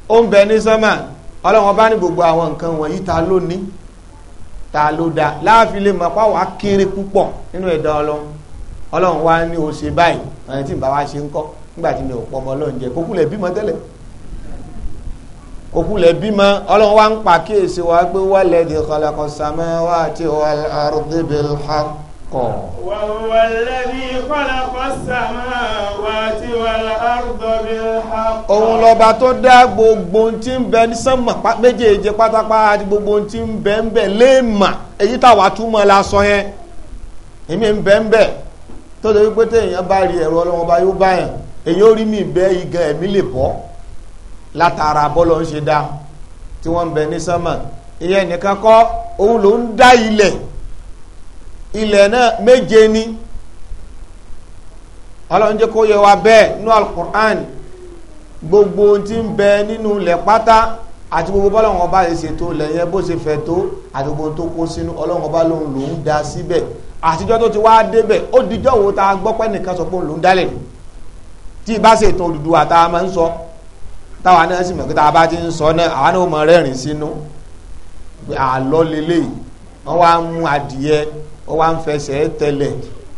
ó ń bẹ ní sọ́mà ọlọ́wọ́n bá ní gbogbo àwọn nǹkan wọ̀nyí ta ló ní ta ló dá láàfin lè mọ̀ pàwọ́ akéré púpọ̀ nínú ẹ̀dá ọlọ́run ọlọ́run wá ní o ṣe báyìí àwọn tí ń bá wa ṣe ń kọ́ nígbà tí mi ò pọ̀ ọmọ ọlọ́run jẹ kókùlẹ̀ bímọ tẹ́lẹ̀ òkúlẹ̀ bímọ ọlọ́run wá ń pa kíyèsí wa pé walladhi khalaqa samawati wal ardi bil haqq. wa huwa alladhi khalaqa samawati wal ardi bil haqq. òun lọ́ba tó dá gbogbo tí ń bẹ ní sánmà méjèèje pátápátá àti gbogbo tí ń bẹ ń bẹ léèmà èyí táwa túmọ̀ la sọ yẹn èmi ń bẹ ń bẹ tó lè wípé téèyàn bá rí ẹ̀rọ ọlọ́run ọba yóò bá yẹn èyí ó rí mi bẹ́ igan látara bọ́lọ̀ ń ṣe dá tí wọ́n ń bẹ ní sánmà ìyẹn nìkan kọ́ òun ló ń dá ilẹ̀ ilẹ̀ náà méje ni ọlọ́run jẹ́ kó yẹ wa bẹ́ẹ̀ nínú alukur'an gbogbo tí ń bẹ nínú ilẹ̀ pátá àti gbogbo bọ́lọ́run ọba lè ṣètò ilẹ̀ yẹn bó ṣe fẹ́ tó àti gbogbo tó kó sínú ọlọ́run ọba lòun ló ń dá síbẹ̀ àtijọ́ tó ti wá débẹ̀ ó dijọ́ wo ta gbọ́ nìkan sọ pé òun ló ń dálẹ̀ tí ìbá ṣètò Odùduwà tá máa ń sọ. So táwa náà sì mọ̀ pé tá a bá ti ń sọ náà àwa náà mọ̀ rẹ́rìn sínú pé àlọ́ lélẹ̀ wọ́n wá ń mú adìyẹ wọ́n wá ń fẹsẹ̀ tẹlẹ̀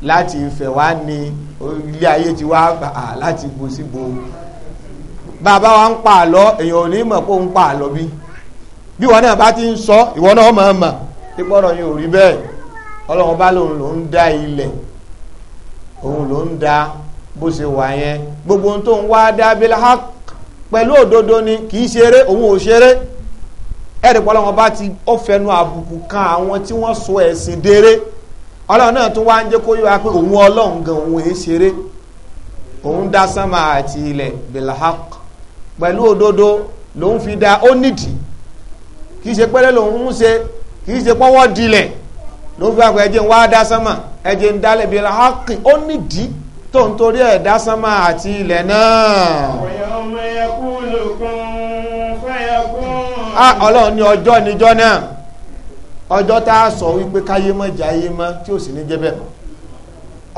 láti ìfẹ́ wá ní ilé ayé ti wá bà á láti bo síbo bàbá wa ń pa àlọ́ èèyàn ò ní mọ̀ pé ó ń pa àlọ́ bí bí wọn náà bá ti ń sọ ìwọ náà mọ̀ mọ̀ tí gbọ́dọ̀ yóò rí bẹ́ẹ̀ ọlọ́run bá lòun ló ń dá ilẹ̀ òun ló ń dá bó ṣe wà yẹn gbogbo ohun tó ń wá dá bilhak pẹ̀lú òdodo ni kì í ṣeré òun ò ṣeré ẹ̀rì pọ́lọ́ wọn bá ti ó fẹnu àbùkù kan àwọn tí wọ́n sọ ẹ̀sìn déré ọlọ́run náà tún wá ń jẹ́ kó yíwa pé òun ọlọ́run gan òun èé ṣeré òun dá sánmà àti ilẹ̀ bilhaq pẹ̀lú òdodo lòun fi dá ó nídìí kì í ṣe pẹ́lẹ́ lòun ń ṣe kì í ṣe pọ́wọ́ dilẹ̀ lòun fi wá pé ẹjẹ̀ ń wá dá sánmà ẹjẹ̀ ń dálẹ̀ bilhaq ó nídìí tó ń torí ẹ̀ dá àti ilẹ̀ náà. Ah, ọlọ́run ní ọjọ́ níjọ́ náà ọjọ́ tá a sọ wípé káyé mọ́ jáyé mọ́ tí ò sì ní jẹ́ bẹ́ẹ̀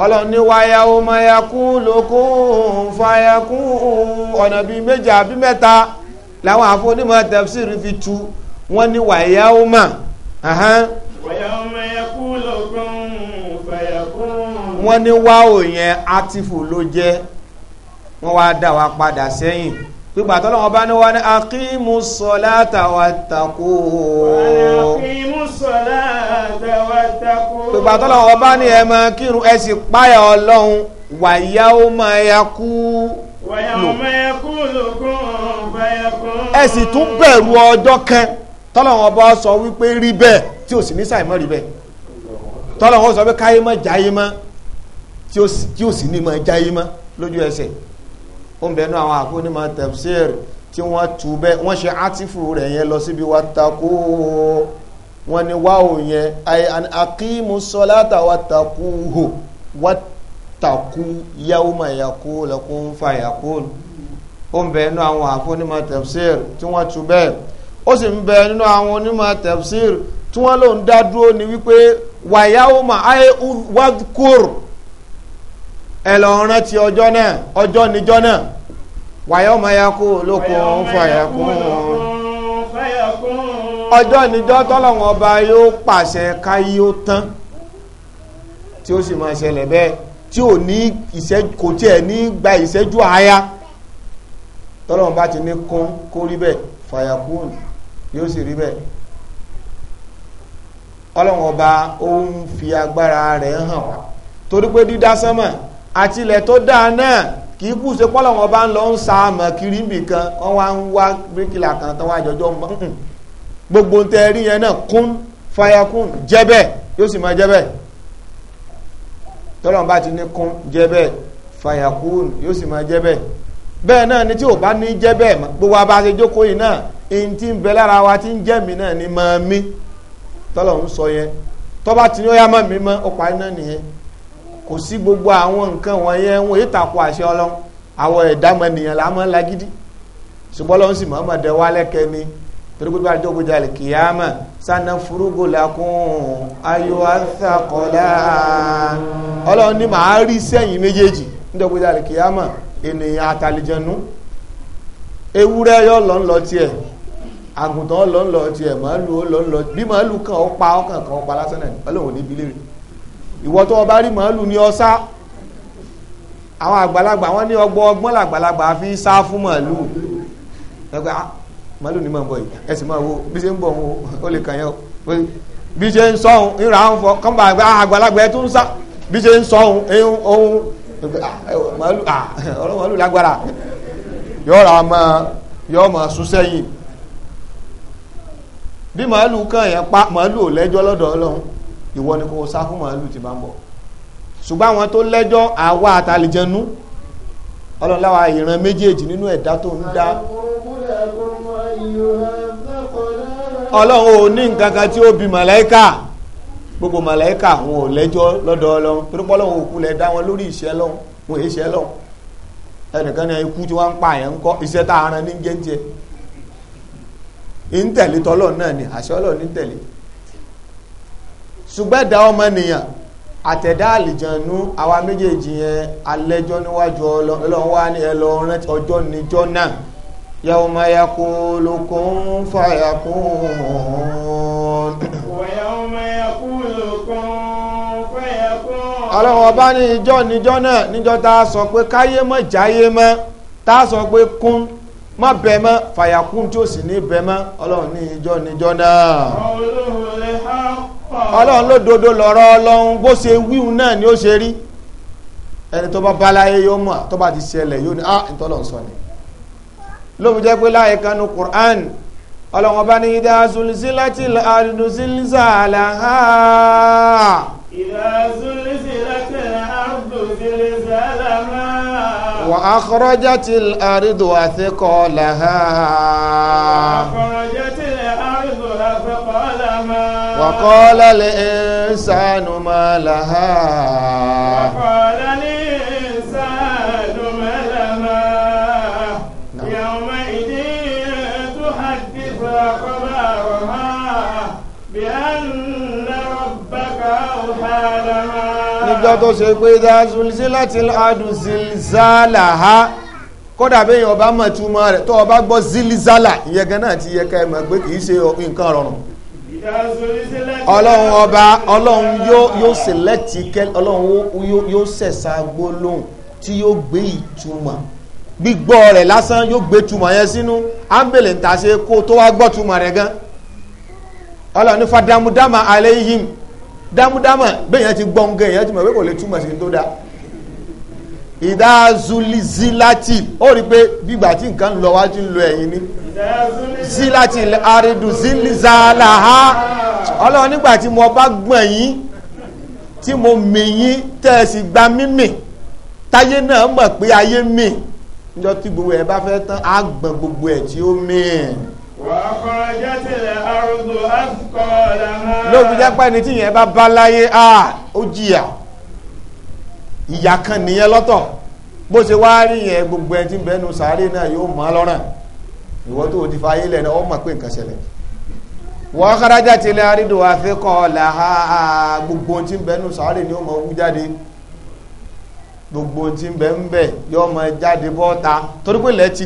ọlọ́run ní wáyà ó mọ yakú lókun fàyàkú ọ̀nà bíi méjì àbí mẹ́ta làwọn àfọ onímọ̀ tafsir fi tu wọ́n ní wáyà ó mọ̀. wọ́n ní wáwò yẹn átífù ló jẹ́ wọ́n wá dá wa padà sẹ́yìn gbígbà tọ́lọ́wọ́n bá ní wá ní akímú sọ́látà wà tàkó gbígbà tọ́lọ́wọ́n bá ní ẹ máa kírun ẹ sì páyà ọlọ́run wàyá ó máa ya kú lò ẹ sì tún bẹ̀rù ọjọ́ kan tọ́lọ́wọ́n bá sọ wípé rí bẹ́ẹ̀ tí ò sì ní sàìmọ́ rí bẹ́ẹ̀ tọ́lọ́wọ́n sọ pé káyé mọ́ jáyé mọ́ tí ó sì ní máa jáyé ma lójú ẹsẹ̀ ó ń bẹnu àwọn àkó ní máa tafsir tí wọ́n tù bẹ́ wọ́n ṣe átífù rẹ̀ yẹn lọ síbi wa takó wọ́n ní wá ò yẹn àkímú sọ́látà wa takó hò wa takó yawma yàkó lẹ́kún fa yàkó ó ń bẹ nínú àwọn àfọ onímọ̀ tafsir tí wọ́n tù bẹ́ẹ̀ ó sì ń bẹ nínú àwọn onímọ̀ tafsir tí wọ́n lòún dá dúró ní wípé wàyáwó mà áyé wàdúkúrò ẹ lọ rántí ọjọ́ náà ọjọ́ níjọ́ náà wàyọ́ ọmọ ya kú lókun fàyà kún ọjọ́ níjọ́ tọ́lọ́wọ́n ọba yóò pàṣẹ káyé ó tán tí ó sì máa ṣẹlẹ̀ bẹ́ẹ̀ tí ò ní ìṣẹ́ kò tiẹ̀ ní gba ìṣẹ́jú àáyá tọ́lọ́wọ́n bá ti ní kún kó rí bẹ́ẹ̀ fàyà kún yóò sì rí bẹ́ẹ̀ ọlọ́wọ́n ọba ó ń fi agbára rẹ hàn wá torí pé dídá sánmà àti ilẹ̀ tó dáa náà kì í kú ṣe pọ́lọ̀ wọn bá ń lọ ń sa àmọ̀ kiri nìkan wọ́n wá ń wá bíríkìlà kan tán wá jọjọ́ mọ́ gbogbo tẹ rí yẹn náà kún jebe jẹ́bẹ̀ yóò sì máa jẹ́bẹ̀ tọ́lọ́n bá ti ní kún jẹ́bẹ̀ fayakún yóò sì máa jẹ́bẹ̀ bẹ́ẹ̀ náà ni tí ò bá ní jẹ́bẹ̀ gbogbo abáṣe jókòó yìí náà èyí tí ń bẹ lára wa ti ń jẹ́mi náà ni máa mí tọ́lọ̀ ń sọ yẹn tọ́ bá ti ní ó yá mọ́ mi mọ́ ó parí náà nìyẹn kò sí gbogbo àwọn nǹkan wọ̀nyẹn wọn èyí tako àṣẹ ọlọ́run àwọn ẹ̀dámọ̀ ènìyàn la mọ́ si ṣùgbọ́n lọ́wọ́ sì mọ́ dẹ wálẹ̀ kẹ́mi torí pé bájọ́ gbọdọ̀ àlè sanna furugo lakun ayọ̀ àtàkọ́lá ọlọ́run ní màá rí sẹ́yìn méjèèjì nítorí gbọdọ̀ àlè kìyàmà ènìyàn àtàlìjẹnu ewúrẹ́ yọ lọ ń lọ tiẹ̀ àgùntàn lọ ń lọ tiẹ̀ màálù ó lọ ń lọ bí màálù kan ó pa ọkàn kan ó pa lásán náà ọlọ́run ò ní ìwọ tó bá rí màálù ní ọsá àwọn àgbàlagbà wọ́n ní ọgbọ́ ọgbọ́n làgbàlagbà fi sá fún màálù ẹgbẹ́ ah, màálù ní màbọ̀ yìí ẹ sì máa wo bí ṣe ń bọ̀ wọn ó lè kàn yẹn o bí ṣe ń sọ ohun ìrà ń fọ kọ́mbà ah, àgbàlagbà ẹ tó ń sá bí ṣe ń sọ ohun ohun ah, màálù ọ̀rọ̀ màálù lágbára yọ̀ọ̀rọ̀ àmọ́ yọ̀ọ̀ mọ̀ sún sẹ́yìn bí màálù kàn yẹn pa màálù ò lẹ́jọ́ lọ́dọ̀ ọlọ́run ìwọ ni kò sá fún màálù tí bá ń bọ̀ ṣùgbọ́n àwọn tó lẹ́jọ́ àwa àtàlìjẹnú ọlọ́láwa ìran méjèèjì nínú ẹ̀dá tó ń dá ọlọ́run ò ní nǹkan kan tí ó bí màláíkà gbogbo màláíkà wọn ò lẹ́jọ́ lọ́dọ̀ ọlọ́run torípọ́ ọlọ́run òkú lẹ̀ dá wọn lórí ìṣẹ́ lọ́run wọn èé ṣẹ́ ẹnìkan ní ikú tí wọ́n ń pa àyàn ń kọ́ iṣẹ́ tá a ran ní jẹ́ńjẹ́ ń tẹ̀lé náà ni àṣẹ ọlọ́run ní tẹ̀lé ṣùgbọ́n ẹ̀dá ọmọ nìyàn àtẹ̀dá àlìjànú àwa méjèèjì yẹn alẹ́jọ́ níwájú ọlọ́run wá ní ẹlọ ọjọ́ níjọ́ náà yawma yaqulu kun fayakun. wa yawma yaqulu kun fayakun. ọlọ́run ọba ní ìjọ́ níjọ́ náà níjọ́ tá a sọ pé káyé mọ́ jáyé mọ́ tá a sọ pé kún má bẹ mọ́ fàyàkún tí ó sì ní bẹ mọ́ ọlọ́run ní ìjọ́ níjọ́ náà. ọlọ́run lè hàn ọlọ́run lódodo lọ́rọ̀ ọlọ́run bó ṣe wíhun náà ni ó ṣe rí ẹni tó bá balaye yóò mọ̀ tó bá ti ṣẹlẹ̀ yóò ní ah ìtọ́lọ̀ sọ ni lóbi jẹ́ pé láyé kanú Qur'an ọlọ́run ọba ní ìdá zulzilati al-ardu zilzalaha. ìdá zulzilati al-ardu zilzalaha. wa akhrajati al-ardu athqalaha. wa akhrajati al-ardu athqalaha. وقال الإنسان ما لها وقال الإنسان ما لها يومئذ تحدث أخبارها بأن ربك أوحى لها níjọ́ tó ṣe pé zulzilatil adu zilzalaha kódà bí èèyàn bá mọ̀ túmọ̀ rẹ̀ tó o bá gbọ́ zilzala ìyẹn gan náà ti yẹ ká ẹ mọ̀ pé kì í ṣe nǹkan rọrùn ọlọ́run ọba ọlọ́run yóò sẹ̀lẹ́tì ọlọ́run yóò sẹ̀sà gbólóhùn tí yóò gbé ìtumọ̀ gbígbọ́ rẹ̀ lásán yóò gbé tumọ̀ yẹn sínú ámbèlè ń tàṣe kó tó wá gbọ́ tumọ̀ rẹ̀ gan ọlọ́run nífa dámúdámà alẹ́ yìí dámúdámà bẹ́ẹ̀ yẹn ti gbọ́ngẹ́ yẹn ti mọ̀ pé kò lè túmọ̀ sí tó dáa ìdá zuli zilati ó rí pé gbígbà tí nǹkan lọ wájú ń lọ ẹ̀yìn ní zilati aridu zilizalaha ọlọ́run nígbà tí mo bá gbọ̀n yín tí mo mì yín tẹ́ẹ̀sì gba mímì táyé náà mọ̀ pé ayé mì níjọ́ tí gbogbo ẹ̀ bá fẹ́ tán á gbọ̀n gbogbo ẹ̀ tí ó mì lóògùn jẹ́ pẹ́ni tí yẹn bá bá láyé ó jìyà ìyà kan nìyẹn lọ́tọ̀ bó ṣe gbogbo ẹ tí bẹnu sàárè náà yóò mọ́ lọ́rùn ìwọ ti fa ayélẹ̀ náà ó mọ̀ pé nǹkan ṣẹlẹ̀ wọ́n kárájà ti lẹ́ àrídò àfikọ́ ha gbogbo tí bẹnu sàárè ni ó mọ̀ wú jáde gbogbo tí ń ń bẹ yóò mọ̀ jáde bọ́ta torí pé ti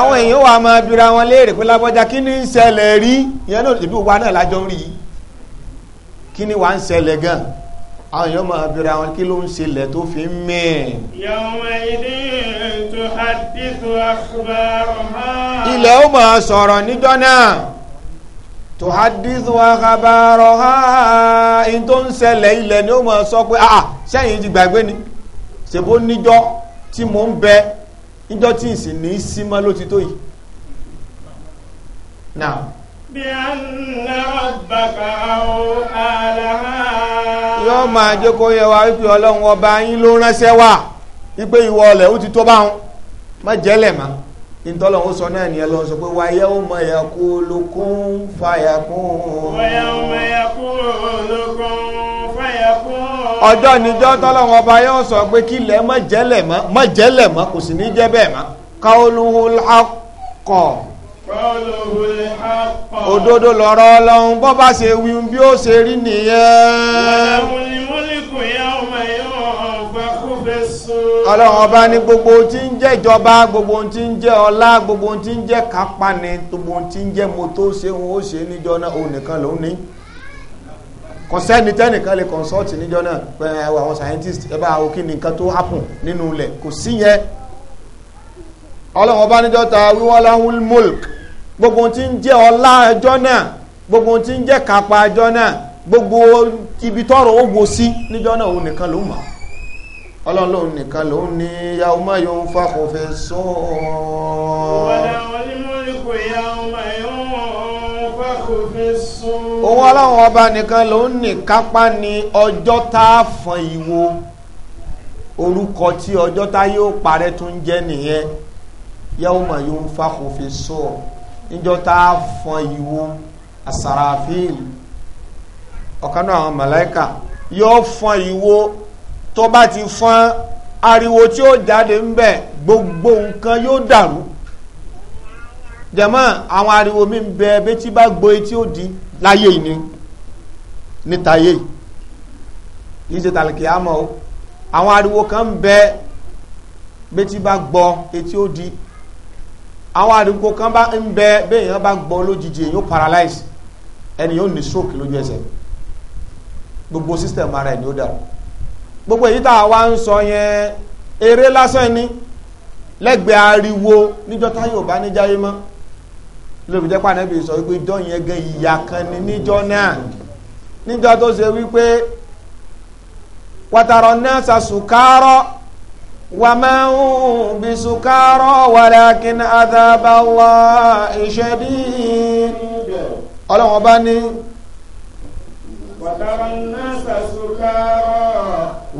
àwọn èèyàn wà máa bira wọn léèrè pé lágbọ́já kí ní ń ṣẹlẹ̀ rí ìyẹn náà ìbí wa náà lájọ rí kí ní wà ń ṣẹlẹ̀ gan àwọn èèyàn máa bira wọn kí ló ń ṣẹlẹ̀ tó fi ń ilẹ̀ ó máa sọ̀rọ̀ níjọ́ náà tuhadithu akhbaraha in tó ń ṣẹlẹ̀ ilẹ̀ ni ó máa sọ pé ah sẹ́yìn ti gbàgbé ni ṣèbó níjọ́ tí mò ń bẹ níjọ́ tí ìsìn ní símọ́ ló ti tó yìí náà. bí a ná bàbá o àlàá. yóò máa jẹ́ yẹ wa wípé ọlọ́run ọba yín ló ránṣẹ́ wà wípé ìwọ ọlẹ̀ ó ti tó báwọn má jẹ́lẹ̀ má ìtọ́lọ̀ ó sọ náà ni ẹ lọ sọ pé wáyé ó mọ ẹ̀yà kó lókún fàyà kún. wáyé ó mọ ẹ̀yà kó lókún. ọjọ́ níjọ́ tọ́lọ́wọ́ ọba sọ pé kí ilẹ̀ mọ́ jẹ́lẹ̀ mọ́ mọ́ jẹ́lẹ̀ mọ́ kò ní jẹ́ bẹ́ẹ̀ mọ́ qawluhul haqq qawluhul òdodo lọ́rọ̀ ọlọ́run bọ́ bá ṣe wí bí ó ṣe rí ọba ní gbogbo tí ń jẹ́ ìjọba gbogbo tí ń jẹ́ gbogbo tí ń jẹ́ kápá ni gbogbo tí ń jẹ́ mo tó ṣe ó ṣe níjọ náà kọ̀sẹ́ni tẹ́nìkan lè consult níjọ́ náà pé àwọn scientist ẹ bá wo kí ni nǹkan tó happen nínú ilẹ̀ kò sí yẹn ọlọ́run ọba níjọ́ ta wíwọ́n láhùn mulk gbogbo tí ń jẹ́ ọlá ẹjọ́ náà gbogbo tí ń jẹ́ kápá ẹjọ́ náà gbogbo ibi tọrọ ó gbó sí níjọ́ náà òun nìkan ló mọ̀ ọlọ́run lòun nìkan lòun ní yahoo mayo fa kò fẹ́ sọ́ọ́. wọ́n dá wọlé múlùkù yahoo mayo òun ọlọ́run ọba nìkan ló ń ní kápá ní ọjọ́ tá a fọn ìwo orúkọ tí ọjọ́ tá yóò parẹ́ tó ń jẹ́ nìyẹn yawma yunfakhu fi s-sur níjọ́ tá a fọn ìwo as-sarafil àwọn màláíkà yóò fọn ìwo tó bá ti fọn ariwo tí ó jáde ń bẹ̀ gbogbo nǹkan yóò dàrú jama àwọn ariwo mi ń bẹ ẹbẹ tí bá gbọ́ etí ó di láyé ìní níta yé yìí ṣe tàlìkì àmọ́ o àwọn ariwo kan ń bẹ ẹbẹ tí bá gbọ́ etí ó di àwọn ariwo kan bá ń bẹ ẹbẹ èèyàn bá gbọ́ lójijì èèyàn paralyze ẹni yóò ní stroke lójú ẹsẹ̀ gbogbo system ara ẹ̀ ni ó dàrú gbogbo èyí tá a wá ń sọ yẹn eré lásán ni lẹ́gbẹ̀ẹ́ ariwo níjọ́ táyọ̀ bá níjáyé mọ́ lóbi jẹ́ pàdé bí sọ wípé ìjọ yẹn gan ìyà kan ni níjọ náà níjọ tó ṣe wípé wàtàrọ̀ náà sàṣùkárọ̀ wà máa ń bí sùkárọ̀ wàlákin àdàbàwà ìṣẹ́dí ọlọ́wọ́n bá ní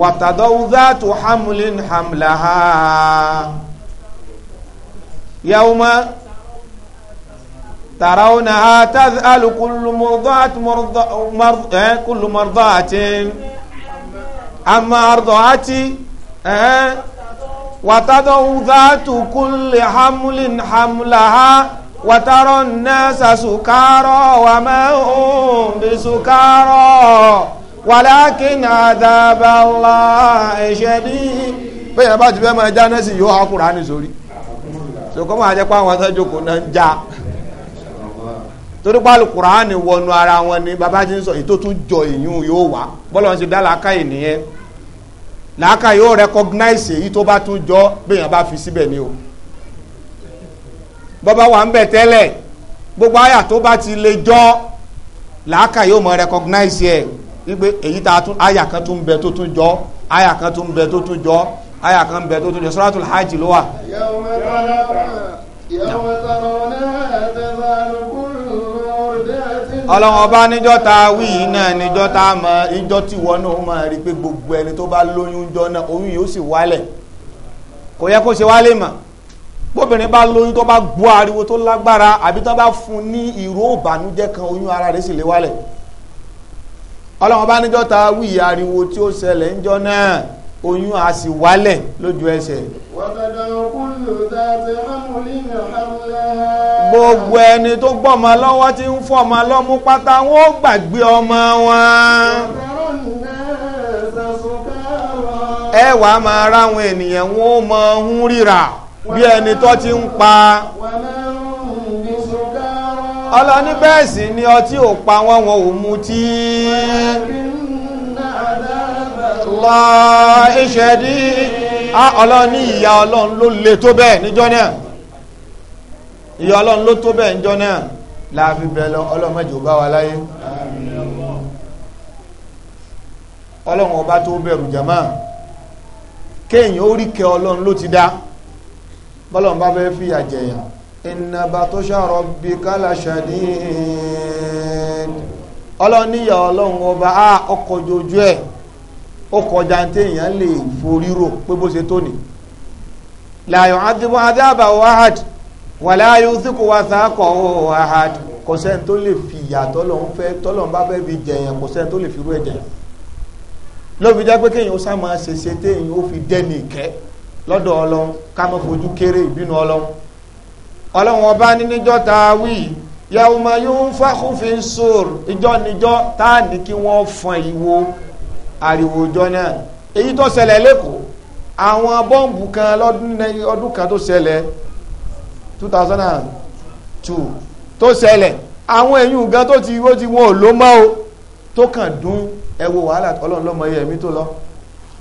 wàtàdọ́wù dáàtù hamlin hamlaha yàwó máa ترونها تذأل كل مرضعة مرض... مرض... اه كل مرضعة أما أرضعتي اه وتضع ذات كل حمل حملها وترى الناس سكارى وما هم بسكارى ولكن عذاب الله شديد bẹ́ẹ̀ bá ti fẹ́ máa já náà sí yóò hákùrá ní sórí ṣùgbọ́n máa àwọn tó jókòó náà ń já torí pàlù kùránì wọnú ara wọn ni bàbá ti ń sọ ètò tún jọ èyún yóò wá bọ́lá ti aka làákàyè nìyẹn làákàyè yóò recognize èyí tó bá tún jọ bá fi síbẹ̀ ni o bọ́bá wà ń bẹ̀ gbogbo àyà tó bá ti lè jọ làákàyè yóò mọ recognize ẹ̀ wípé èyí tá a tún àyà kan tún bẹ tó tún jọ àyà kan tún bẹ tó tún jọ hajj ló wà. yàwó mẹ́ta náà ọlọ́run ọba níjọ́ ta náà níjọ́ ta mọ ìjọ́ tí wọ́n náà mọ̀ gbogbo ẹni tó bá lóyún jọ náà oyún yóò sì wálẹ̀ kò yẹ kó se wálé mọ̀ bá lóyún tó bá gbọ́ ariwo tó lágbára àbí tó bá fún ní ìró ara rẹ̀ sì wálẹ̀ ariwo tí ó ṣẹlẹ̀ náà oyún a sì wálẹ̀ lójú ẹsẹ̀ gbogbo ẹni tó gbọ́mọ lọ́wọ́ tí ń fọ́mọ lọ́mú pátá wọ́n gbàgbé ọmọ wọn ẹ wàá máa ráwọn ènìyàn wọn ó mọ ohun ríra bí ẹni tó ti ń pa ọlọ́ní bẹ́ẹ̀ sì ni ọtí ò pa wọn wọn ò mutí. Allah ṣẹ̀dí ọlọ́run ní ìyá ọlọ́run ló le tó bẹ́ẹ̀ níjọ́ náà ìyá ọlọ́run ló tó bẹ́ẹ̀ níjọ́ náà láàfin bẹ̀rẹ̀ lọ ọlọ́run mẹ́jọ bá wa láyé ọlọ́run ọba tó bẹ̀rù jama kéèyàn ó rí kẹ ọlọ́run ló ti dá bọ́lọ̀ bá fẹ́ fìyà jẹ̀yàn inna batusha rabbika lashadid ọlọ́run níyà ọlọ́run ọba ọkọ̀ ojú ẹ̀ ó kọjá téèyàn lè forí pé bó ṣe tó ni la yu'adhibu adhabahu ahad wa la yusiku wasaqahu ahad kò tó lè fi ìyà tọ́lọ́hún fẹ́ tọ́lọ́hún bá fẹ́ fi kò fi rú ẹ̀jẹ̀ ló fi kéré ìbínú ọlọ́run ọlọ́run ọba ta wí níjọ́ tá ariwo ọjọ́ náà èyí tó ṣẹlẹ̀ lẹ́kọ̀ọ́ àwọn bọ́ǹbù kan lọ́dún kan tó ṣẹlẹ̀ 2002 tó ṣẹlẹ̀ àwọn èyàn gan tó ti wó ti wọn ò ló mọ́ o tó kàn dún ẹ wo wàhálà ọlọ́run lọ́mọ iye ẹ̀mí tó lọ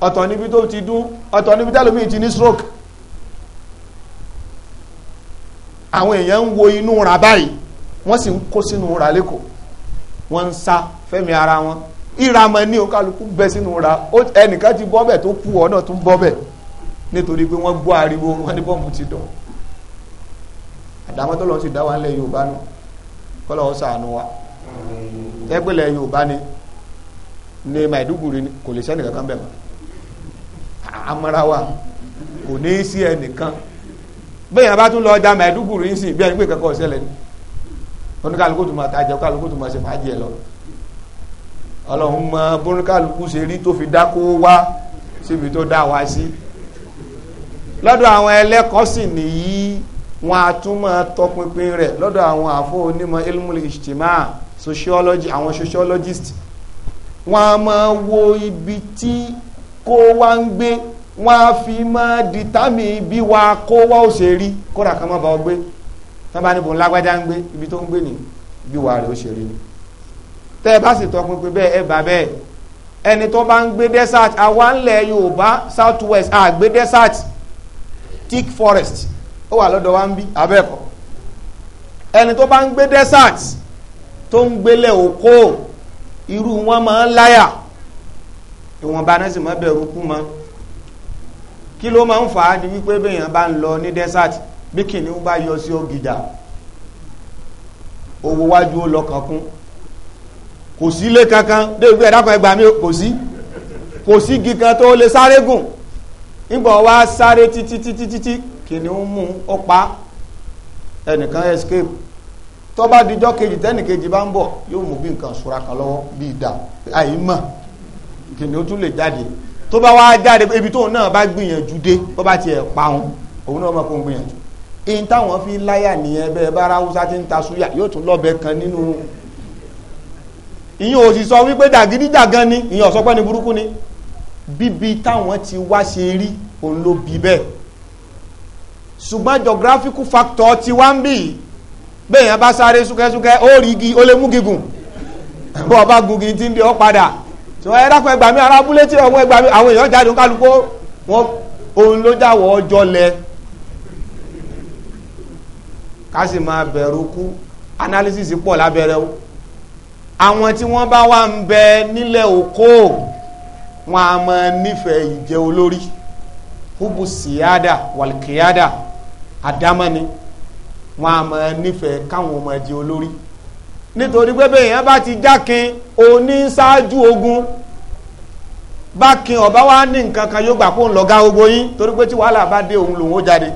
ọ̀tọ̀ níbi tó ti dún ọ̀tọ̀ níbi tẹ́lómi ti ní stroke àwọn èèyàn ń wo inú ra báyìí wọ́n sì ń kó sínú ra lẹ́kọ̀ọ́ wọ́n ń sá fẹ́mi ara wọn ìràmọ̀ ní òkàlùkù bẹ sínú ra ẹnìkan ti bọ́bẹ̀ tó kú ọ náà tún bọ́bẹ̀ nítorí pé wọ́n gbọ́ ariwo wọ́n ní bọ́ọ̀mù ti dùn àdámọ́ tó lọ́n sì dá wa ńlẹ̀ yorùbá nù kọ́lọ́ wọn sàánú wa ẹgbẹ́lẹ̀ yorùbá ni ní Maiduguri kò lè sẹ́nìkan kan bẹ̀ mọ́ amara wa kò ní í sí ẹnìkan bẹ́ẹ̀ bá tún lọ ọjà Maiduguri ń sìn bí ẹni pé kankan ọ̀sẹ̀ lẹ́nu oníkàlùkù tó máa tajà oníkàlùkù tó máa ṣe fàájì ẹ̀ lọ ọlọ́run mọ bóníkàlùkù ṣe rí tó fi dákó wá síbi tó dá wa sí lọ́dọ̀ àwọn ẹlẹ́kọ̀ọ́ sì nìyí wọn a tún máa tọpinpin rẹ̀ lọ́dọ̀ àwọn àfọ onímọ̀ ilmul ijtima sociology àwọn sociologist wọn a máa wo ibi tí kó wá ń gbé wọn a fi máa dìtámì bí wa kó wá ó ṣe rí kódà kan máa bá ọ gbé tán bá níbo ńlágbájá ń gbé ibi tó ń gbé ní bí wa rẹ̀ ó ṣe rí ni tẹ́ ẹ bá sì tọpinpin bẹ́ẹ̀ ẹ bá bẹ́ẹ̀ ẹni tó bá ń gbé desert àwa yorùbá south west àgbé desert thick forest ó wà lọ́dọ̀ wa ń bí abẹ́ẹ̀kọ́ ẹni tó bá ń gbé desert tó ń gbélé òkó irú wọn máa ń láyà ìwọ̀nba náà sì máa bẹ̀rù kú mọ́ kí ló máa ń fà á di wípé bẹ́ẹ̀yàn bá ń lọ ní desert bí kìnìún bá yọ sí ògìjà owó wájú ó lọ kankún kò sí ilé kankan débi ẹ̀dáfọ̀ ẹgbàá mi kò sí kò sí igi kan tó lè sáré gùn nígbà wá sáré títí títí títí kìnìún mú ó pa ẹnìkan escape tó bá dijọ́ kejì tẹ́nìkejì bá ń bọ̀ yóò mú bí nǹkan ṣura kan lọ́wọ́ bí ìdá àyí mọ̀ kìnìún tún lè jáde tó bá wá jáde ibi tóun náà bá gbìyànjú dé bó bá tiẹ̀ pa òun òun náà mọ̀ kó gbìyànjú in táwọn fi láyà nìyẹn bẹ́ẹ̀ bá ráwúsá ti ń ta súyà yóò tún lọ́bẹ kan nínú ìyẹn ò sì sọ wípé dàgídíjàgan ni ìyẹn ò sọ burúkú ni bíbi táwọn ti wá ṣe rí òun ló bí bẹ́ẹ̀ ṣùgbọ́n geographical factor ti wá ń bì bẹ́ẹ̀ yẹn bá sáré súkẹ́súkẹ́ ó rí lè mú gígùn ọba gungi ti ń di ọ padà tí wọ́n ẹ̀rọ ẹgbàá mi arábúlé tí ọmọ ẹgbàá mi àwọn èèyàn jáde wọn òun ló jáwọ́ ọjọ́ lẹ ká sì máa bẹ̀rù kú o. àwọn tí wọ́n bá wà ń bẹ nílẹ̀ òkó wọn a máa nífẹ̀ẹ́ ìjẹ́ olórí hubu siyada walkiyada àdámọ́ni wọn a máa nífẹ̀ẹ́ káwọn ọmọ ẹ̀jẹ̀ olórí nítorí pé bẹ́ẹ̀ bá ti jákin oní ṣáájú ogun bákin ọba wa ní nǹkan kan yóò gbà kó ń lọ gbogbo yín torí pé tí wàhálà bá dé òun lòun ó jáde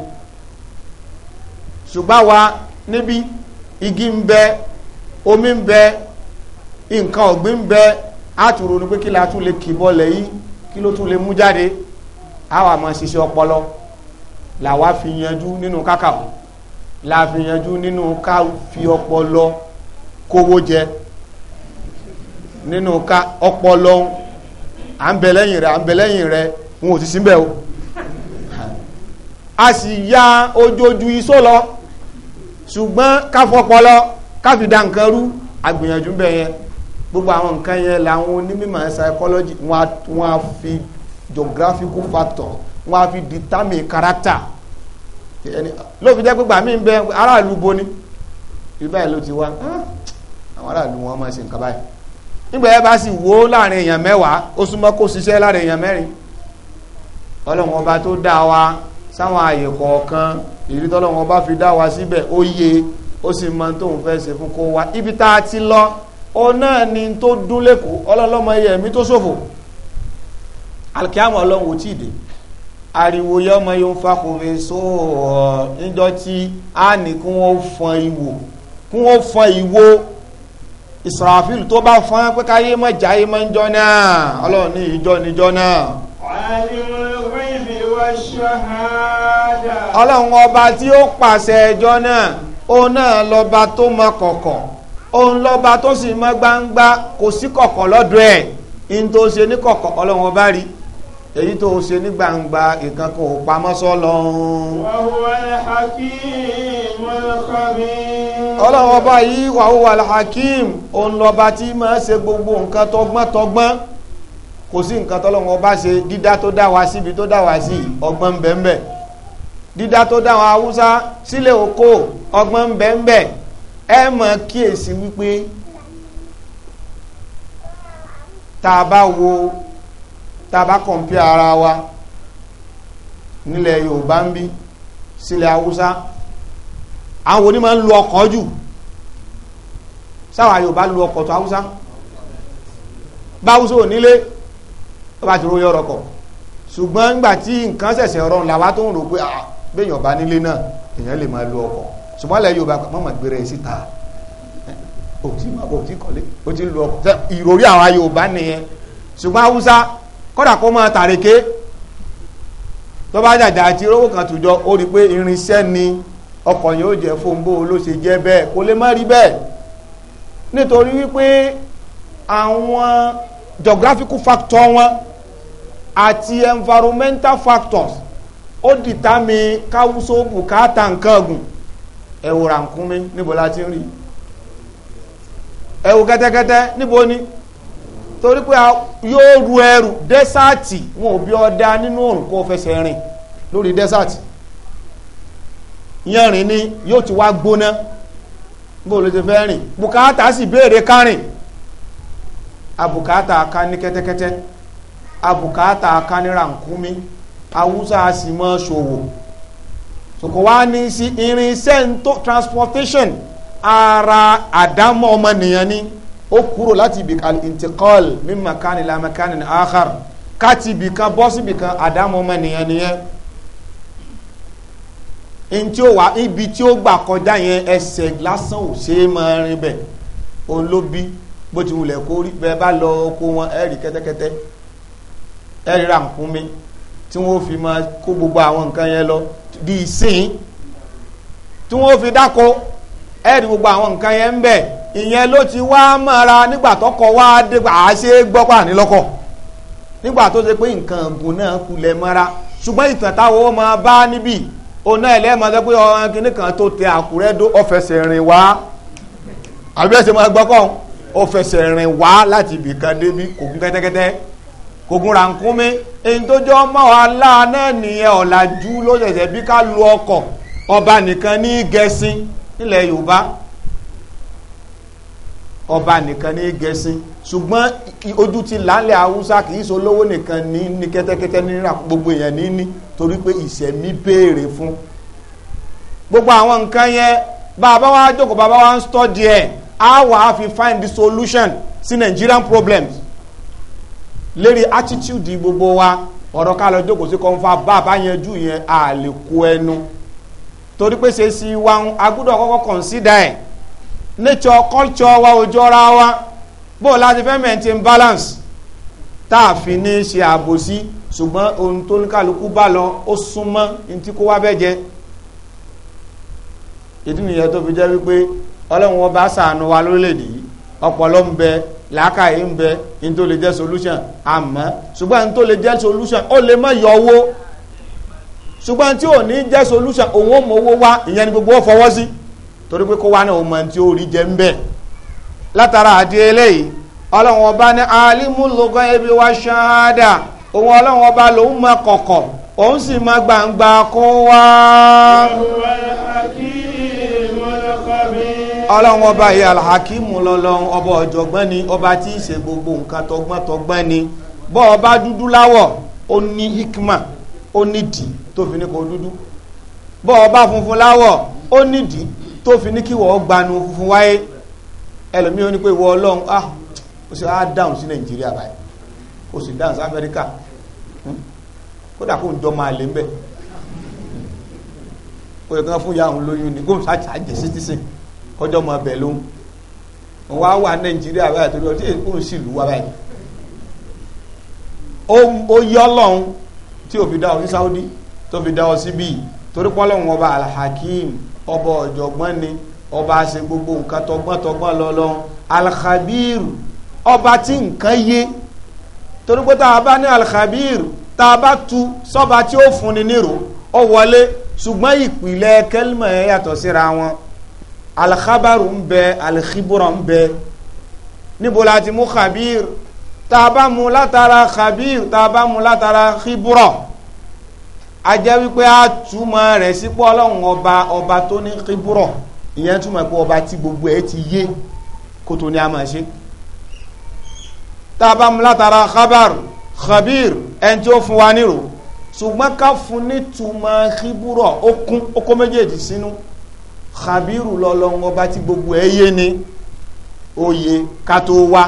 ṣùgbọ́n wa níbi igi ń bẹ omi ń bẹ nǹkan ọ̀gbìn bẹ àtúrò ní pé kí la tún lè kì bọ́lẹ̀ yìí kí ló tún lè mú jáde àwa máa ṣiṣẹ́ ọpọlọ làwa fi yanjú nínú kákàwọ́ la fi yanjú nínú ká fi ọpọlọ kówó jẹ nínú ká ọpọlọ à ń bẹ lẹ́yìn rẹ à ń bẹ lẹ́yìn rẹ n ò sì síbẹ̀ o a sì ya ojoojú iṣó lọ ṣùgbọ́n ká fọpọlọ ká fi da nǹkan rú àgbìyànjú bẹ́ẹ̀ yẹn gbogbo àwọn nǹkan yẹn làwọn onímọ̀ psychology wọn á fi geographical factor wọn á fi determine character ló fi jẹ́ pé gbàmí ń bẹ aráàlú boni ibà ló ti wá ah, àwọn aráàlú wọn máa ṣe nǹkan báyìí nígbà yẹn bá sì wó láàrin èèyàn mẹ́wàá ó súnmọ́ kó ṣiṣẹ́ láàrin èèyàn mẹ́rin ọlọ́run ọba tó dá wa sáwọn àyè kọ̀ọ̀kan ìrí tọ́lọ́run ọba fi dá wa síbẹ̀ ó yẹ ó sì mọ tóun fẹ́ ṣe fún kó wa ibi tá a ti lọ ọ̀nà ni tó dún lẹ́kọ̀ọ́ ọlọ́lọ́mọ ẹyẹ ẹ̀mí tó ṣòfò alkiamu ọlọ́run ò tí ì dé ariwo yọmọ yóò fakòfè sóòrò níjọ tí a ní kí wọ́n fọn ìwò kí wọ́n fọn ìwò Israfil tó bá fọn pé káyé mọ̀ jáyé mọ̀ níjọ náà ọlọ́run ní ìjọ níjọ náà. ọlọ́run ọba tí ó pàṣẹ ẹjọ́ náà ó náà lọ́ba tó mọ kọ̀kọ̀ òun lọ́ba tó sì mọ́ gbangba kò sí kọ̀kọ̀ lọ́dọ̀ ẹ̀ in tó ṣe ní kọ̀kọ̀ ọlọ́run ọba rí èyí tó ṣe ní gbangba ìkan kò pamọ́ sọ́lọ́run. ọlọ́run ọba yìí wàhùwà alhakim òun lọ́ba tí máa ṣe gbogbo nǹkan tọgbọ́n tọgbọ́n kò sí nǹkan tọ́lọ́run ọba ṣe dídá tó dá wa síbi tó dá wa sí ọgbọ́n bẹ́ẹ̀ bẹ́ẹ̀ dídá tó dá wa haúsá sílẹ̀ òkò ọgbọ́n bẹ́ẹ̀ bẹ́ẹ̀ ẹ mọ̀ kíyèsí wípé tá a bá wo tá a bá kọ̀m̀pí ara wa nílẹ̀ Yorùbá ń bí sílẹ̀ Haúsá àwọn onímọ̀ ń lu ọkọ̀ jù sáwà Yorùbá lu ọkọ̀ tó Haúsá báwúsá ò nílé ó bá ti ro yọrọ kọ̀ ṣùgbọ́n nígbà tí nǹkan ṣẹ̀ṣẹ̀ ọ̀rọ̀ làwa tó ń rò pé ah, béèyàn bá nílé náà èèyàn lè máa lu ọkọ̀ ṣùgbọ́n ilẹ̀ Yorùbá mọ̀mọ́ gbére síta ò tí ma bọ̀ ò tí kọ́lé ó ti lu ọkọ̀ ìròrí àwọn Yorùbá nìyẹn ṣùgbọ́n Haúsá kọ́dà kó máa tàríké tó bá dàda àti rówó kan tùjọ ó rí i pé irinṣẹ́ ni ọkọ̀ yẹn ó jẹ́ fún bó ló ṣe jẹ́ bẹ́ẹ̀ kó lè má rí bẹ́ẹ̀ nítorí wípé àwọn geographical factor wọn àti environmental factors ó dìtámi káwúsó bùkátà nǹkan ọ̀gùn ẹ wo rànkúnmí níbo la rí ẹ kẹ́tẹ́kẹ́tẹ́ níbo ni torí pé yóò ru ẹrù dẹ́sáàtì wọn ò bí ọdá nínú òrùn kó fẹsẹ̀ rìn lórí dẹ́sáàtì yẹn ni yóò ti wá gbóná bó ló ti fẹ́ rìn bùkátà sì béèrè kárìn àbùkátà ká ní kẹ́tẹ́kẹ́tẹ́ àbùkátà ká ní rànkúnmí awúsá sì mọ́ ṣòwò sòkò wá ní sí irinṣẹ́ transportation ara àdámọ́ ọmọnìyàn ni ó kúrò láti ibi al-intiqal min makani ila makani akhar káti ibì kan bọ́ síbì kan àdámọ́ ọmọnìyàn nìyẹn in tí ó wà ibi tí ó gbà kọjá yẹn ẹsẹ̀ lásán ò ṣe é máa rin bẹ̀ òun ló bí bó ti wulẹ̀ kó rí bẹ́ẹ̀ bá lọ oko wọn ẹ̀rí kẹ́tẹ́kẹ́tẹ́ ẹ̀rí ràǹkúnmi tí wọ́n fi máa kó gbogbo àwọn nǹkan yẹn lọ di ìsìn tí wọ́n fi dáko ẹ̀rí gbogbo àwọn nǹkan yẹn ń bẹ ìyẹn ló ti wá mọ́ra nígbà tọkọ wá dé àṣẹ gbọ́pà nílọ́kọ̀ nígbà tó ṣe pé nǹkan ọ̀gùn náà kulẹ̀ mọ́ra ṣùgbọ́n ìtàn táwọn ó máa bá níbí ọ̀nà ẹlẹ́mọ̀ sọ pé ọ̀rọ̀ kìíní kan tó tẹ àkúrẹ́ dó ọ̀fẹsẹ̀ rìn wá àbí ẹ̀sẹ̀ máa gbọ́kọ̀ ọ̀fẹsẹ̀ rìn wá láti ibì kan débi kò gún kẹ́tẹ́kẹ́tẹ́ kògùn rànkúnmí èyí tó jọ mọ́ ọ̀la náà nìyẹn ọ̀làjú ló ṣẹ̀ṣẹ̀ bí ká lu ọkọ̀ ọba nìkan ní gẹṣin nílẹ̀ yorùbá ọba nìkan ní gẹṣin ṣùgbọ́n ojú ti lálẹ́ haúsá kì í ṣolówó nìkan ní ní kẹ́tẹ́kẹ́tẹ́ nínú gbogbo èèyàn ní ní torí pé ìṣẹ̀mí béèrè fún gbogbo àwọn nǹkan yẹn bàbá wa jókòó bàbá wa ń study ẹ̀ á wà á fi find the solution sí Nigerian problems lérí attitude gbogbo wa ọ̀rọ̀ ká lọ jókòó sí kọ́ńfà bá a bá yanjú yẹn a lè kó ẹnu torí pé ṣe sí wa ń agbọ́dọ̀ kọ́kọ́ consider ẹ̀ nature culture wa ò jọra wa bó o láti fẹ́ maintain balance tá a fi ní ṣe àbòsí ṣùgbọ́n ohun tó ní kálukú bá lọ ó súnmọ́ ní tí kó wá bẹ́ẹ̀ jẹ́ ìdí nìyẹn tó fi jẹ́ wípé ọlọ́run ọba ṣàánú wa lórílẹ̀‐èdè yìí ọpọlọ ń bẹ làákàyè ń bẹ ní tó lè jẹ́ solution àmọ́ ṣùgbọ́n ní tó lè jẹ́ solution ó lè má yọ owó ṣùgbọ́n tí ò ní jẹ́ solution òun ó mọ owó wá ìyẹn ni gbogbo ó fọwọ́ sí torí pé kó wá náà ó mọ tí ó rí jẹ ń bẹ látara àdé eléyìí ọlọ́run ọba ní alimu ebi wá ṣáádà òun ọlọ́run ọba lòún mọ kọ̀kọ̀ òun sì mọ gbangba kó wá. ìwà àti ìmọ̀lẹ́kọ̀ọ́ mi ọlọ́run ọba yìí alhakimu lọ́lọ́run ọba ọ̀jọ̀gbọ́n ni ọba tí í ṣe gbogbo nǹkan tọgbọ́n tọgbọ́n ni bọ́ ọba dúdú láwọ̀ ó ní hikma ó nídìí tó fi ní kó dúdú bọ́ ọba funfun láwọ̀ ó nídìí tó fi ní kí wọ́n gbanu funfun wáyé ẹlòmíín ó pé ìwọ ọlọ́run ah ó sì á dáhùn sí nàìjíríà báyìí ó sì dáhùn sí amẹ́ríkà hmm? kódà kó ń jọ máa lè ń bẹ̀ ó yẹ kí wọ́n fún yahoo lóyún ni kó ń ṣàjẹ́ sítísìn kọjọ́ mọ bẹ̀ ló ń wá wà nàìjíríà báyìí torí ọtí èkó ń sì báyìí ó yọ lọ́hún tí ò fi dá ọ sí Saudi tó fi dá ọ sí bíi torí pọ́lọ́hún ọba alhakim ọba ọ̀jọ̀gbọ́n ni ọba ṣe gbogbo nǹkan tọgbọ́ntọgbọ́n lọ́lọ́hún alhabir ọba tí nǹkan yé torí pé tá a bá ní alhabir tá a bá tu sọ́ba tí ó fúnni nírò ó wọlé ṣùgbọ́n ìpìlẹ̀ kẹ́lìmọ̀ ẹ̀ yàtọ̀ síra wọn alikabaru ń bẹ alikibura ń bẹ níbo la ti mú khabir tá a bá mu látara khabir tá a bá mu látara khibura a jẹ́ wípé a túmọ̀ rẹ̀ sípò ọlọ́run ọba ọba tó ní khibura ìyẹn túmọ̀ pé ọba tí gbogbo ẹ̀ ti yé kó tó ní a máa ṣe tá a bá mu látara khabar khabir ẹni tí ó fún wa nírò ṣùgbọ́n ká fún nítumọ̀ khibura ó kún ó méjèèjì sínú. Si khabiru lọ́lọ́run ọba tí gbogbo ẹ yé ni oyè ká tó wá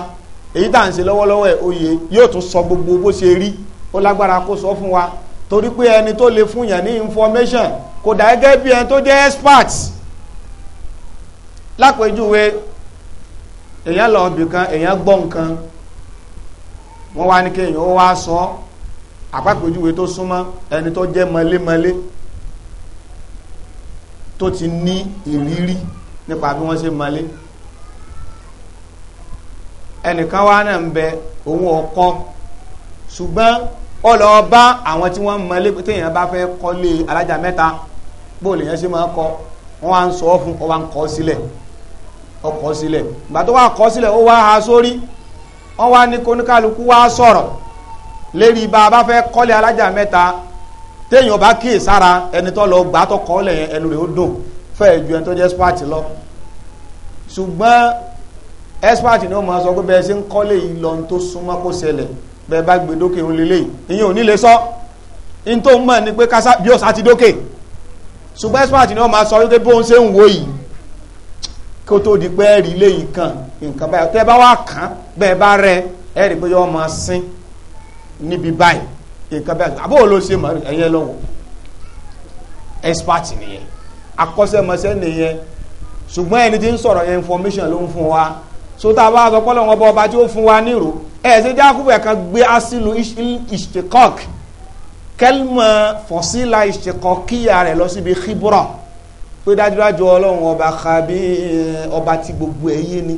èyí tá à ń ṣe lọ́wọ́lọ́wọ́ ẹ̀ oyè yóò tún sọ gbogbo bó ṣe rí ó lágbára kó sọ fún wa torí pé ẹni tó lè fún yàn ní information kò dà gẹ́gẹ́ bí ẹni tó jẹ́ expert lápèjúwe èèyàn lọ ibì kan èèyàn gbọ́ nǹkan wọ́n wá ní kéèyàn ó wá sọ àpapèjúwe tó súnmọ́ ẹni tó jẹ́ mọlémọlé. Male, male tó ti ní ìrírí nípa bí wọ́n ṣe malé ẹnìkan wá náà ń bẹ òun ọkọ ṣùgbọ́n ó lọ bá àwọn tí wọ́n malé pé téèyàn bá fẹ́ kọ́lé alájà mẹ́ta bóòlù yẹn ṣe máa kọ́ wọ́n wá ń sọ ọ́ fún ọ wá ń kọ́ sílẹ̀ ọkọ̀ sílẹ̀ ìgbà tó wá kọ́ sílẹ̀ ó wá ha sórí wọ́n wá ní kóníkàlùkù wá sọ̀rọ̀ lérí bá a bá fẹ́ kọ́lé alájà mẹ́ta téèyàn bá kíyè sára ẹni tó lọ gbà tó kọ́ lẹ̀ ẹnu rẹ̀ ó dùn fẹ́ẹ̀ ju ẹni tó jẹ́ expert lọ ṣùgbọ́n expert ni ó máa sọ pé bẹ́ẹ̀ ṣe ń kọ́lé yìí lọ tó súnmọ́ kó ṣẹlẹ̀ bẹ́ẹ̀ bá gbé dókè òun lélẹ̀ ìyẹn ò ní lè sọ in tó mọ̀ ni pé bí ó sá ti dókè ṣùgbọ́n expert ni ó máa sọ wípé bóun ṣe ń wo yìí kó tó di pé ẹ̀rí lè yìí nǹkan báyìí tẹ́ bá wà kàn bẹ́ẹ̀ bá rẹ ẹ̀rí pé yóò máa sín níbi báyìí nǹkan bẹ́ẹ̀ àbó wo ló ṣe mọ̀ ẹ̀yẹ lọ́wọ́ expert nìyẹn akọ́ṣẹ́mọṣẹ́ nìyẹn ṣùgbọ́n ẹni tí ń sọ̀rọ̀ yẹn information ló ń fún wa so tá a bá sọ pọ́lọ́ wọn bọ́ ọba tí ó fún wa nírò ẹ̀ ṣe jákùbù ẹ̀ka gbé asilu ishtikok kẹlmọ fọsílà ishtikọkíyà rẹ̀ lọ síbi khibra pé dájúdájú ọlọ́run ọba kabi ọba tí gbogbo ẹ̀ yé ni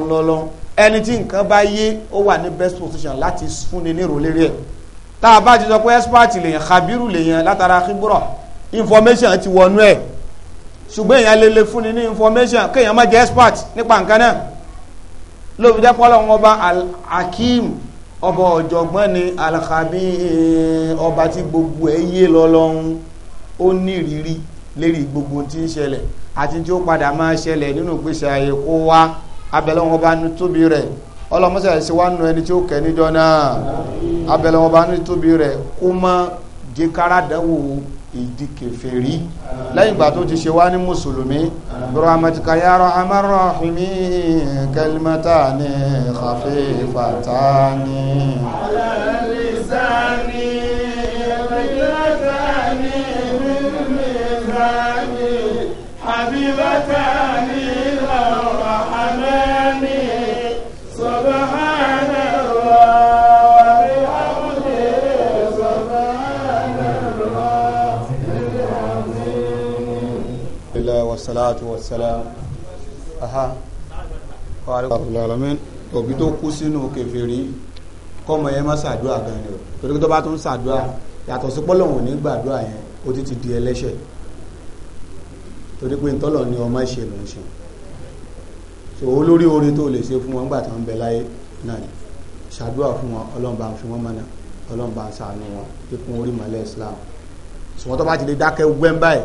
ńlọlọ ẹni tí nǹkan bá yé ó wà ní best position láti fúnni nírò lérí ẹ̀ tá a bá ti sọ pé expert lèyàn khabiru lèyàn látara khibura information ti wọnú ẹ̀ ṣùgbọ́n èèyàn lè lè fúnni ní information kéèyàn má jẹ́ expert nípa nǹkan náà lóbi jẹ́ pọ́lọ́ wọn ọba al-hakim ọba ọ̀jọ̀gbọ́n ni al-khabir ọba tí gbogbo ẹ̀ yé lọ́lọ́run ó ní ìrírí lérí gbogbo tí ń ṣẹlẹ̀ àti tí ó padà máa ṣẹlẹ̀ nínú ìgbésẹ̀ ayé kó wá abẹ́lẹ́ wọn ọba tóbi rẹ̀ ọlọmọsẹ àìsí wa nù ẹni tí ó kẹ níjọ náà abẹlẹ wọn bá ní tóbi rẹ kó má jẹ kára dánwò ìdí kèfèrí lẹ́yìn ìgbà tó ti ṣe wá ní mùsùlùmí rahmatika ya rahman rahimin kalimatani khafifatani ala lisani habibatani salatu wa salam aha alamin òbí tó kú sínú kèfèrí kọ́mọ yẹn má ṣàdúrà gan ni o torí tó bá tún ṣàdúrà yàtọ̀ sí pọ́lọ́hùn ní gbàdúrà yẹn ó ti ti di ẹlẹ́ṣẹ̀ torí pé ntọ́lọ̀ ni ọmọ ìṣe ló ń ṣe so olórí oore tó lè ṣe fún wọn gbà tó ń bẹ láyé náà ni ṣàdúrà fún wọn ọlọ́run bá ń fi wọ́n mọ́nà ọlọ́run bá ń ṣàánú wọn kíkún orí mọ́lẹ̀ Islam sọ wọn tó bá ti lè dákẹ́ wẹ́ńbáyì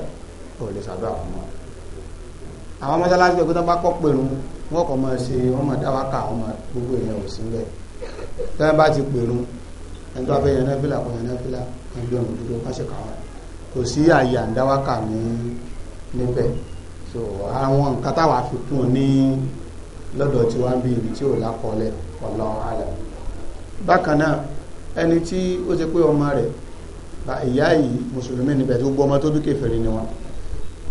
ò lè ṣàdúrà fún wọn àwọn mọ́sálásí pé tó bá kọ́ pèrún wọ́n kọ́ máa ṣe wọ́n máa dáwákà wọ́n máa gbogbo èèyàn ò sí bẹ́ẹ̀ tí wọ́n bá ti pèrún ẹni tó bá fẹ́ yẹn náà fìlà kan yẹn náà fìlà kan gbé ọ̀nà dúró káṣẹ káwọn kò sí àyè àǹdáwákà ní níbẹ̀ so àwọn nǹkan táwa fi kún un ní lọ́dọ̀ tí wọ́n ń bí ibi tí ò lákọọ́lẹ̀ ọ̀lọ́ àlẹ́ bákan náà ẹni tí ó ti pé ọmọ rẹ̀ ìyá yìí mùsùlùmí níbẹ̀ tó gbọ́ ọmọ tó bí kèfèrí ni wọn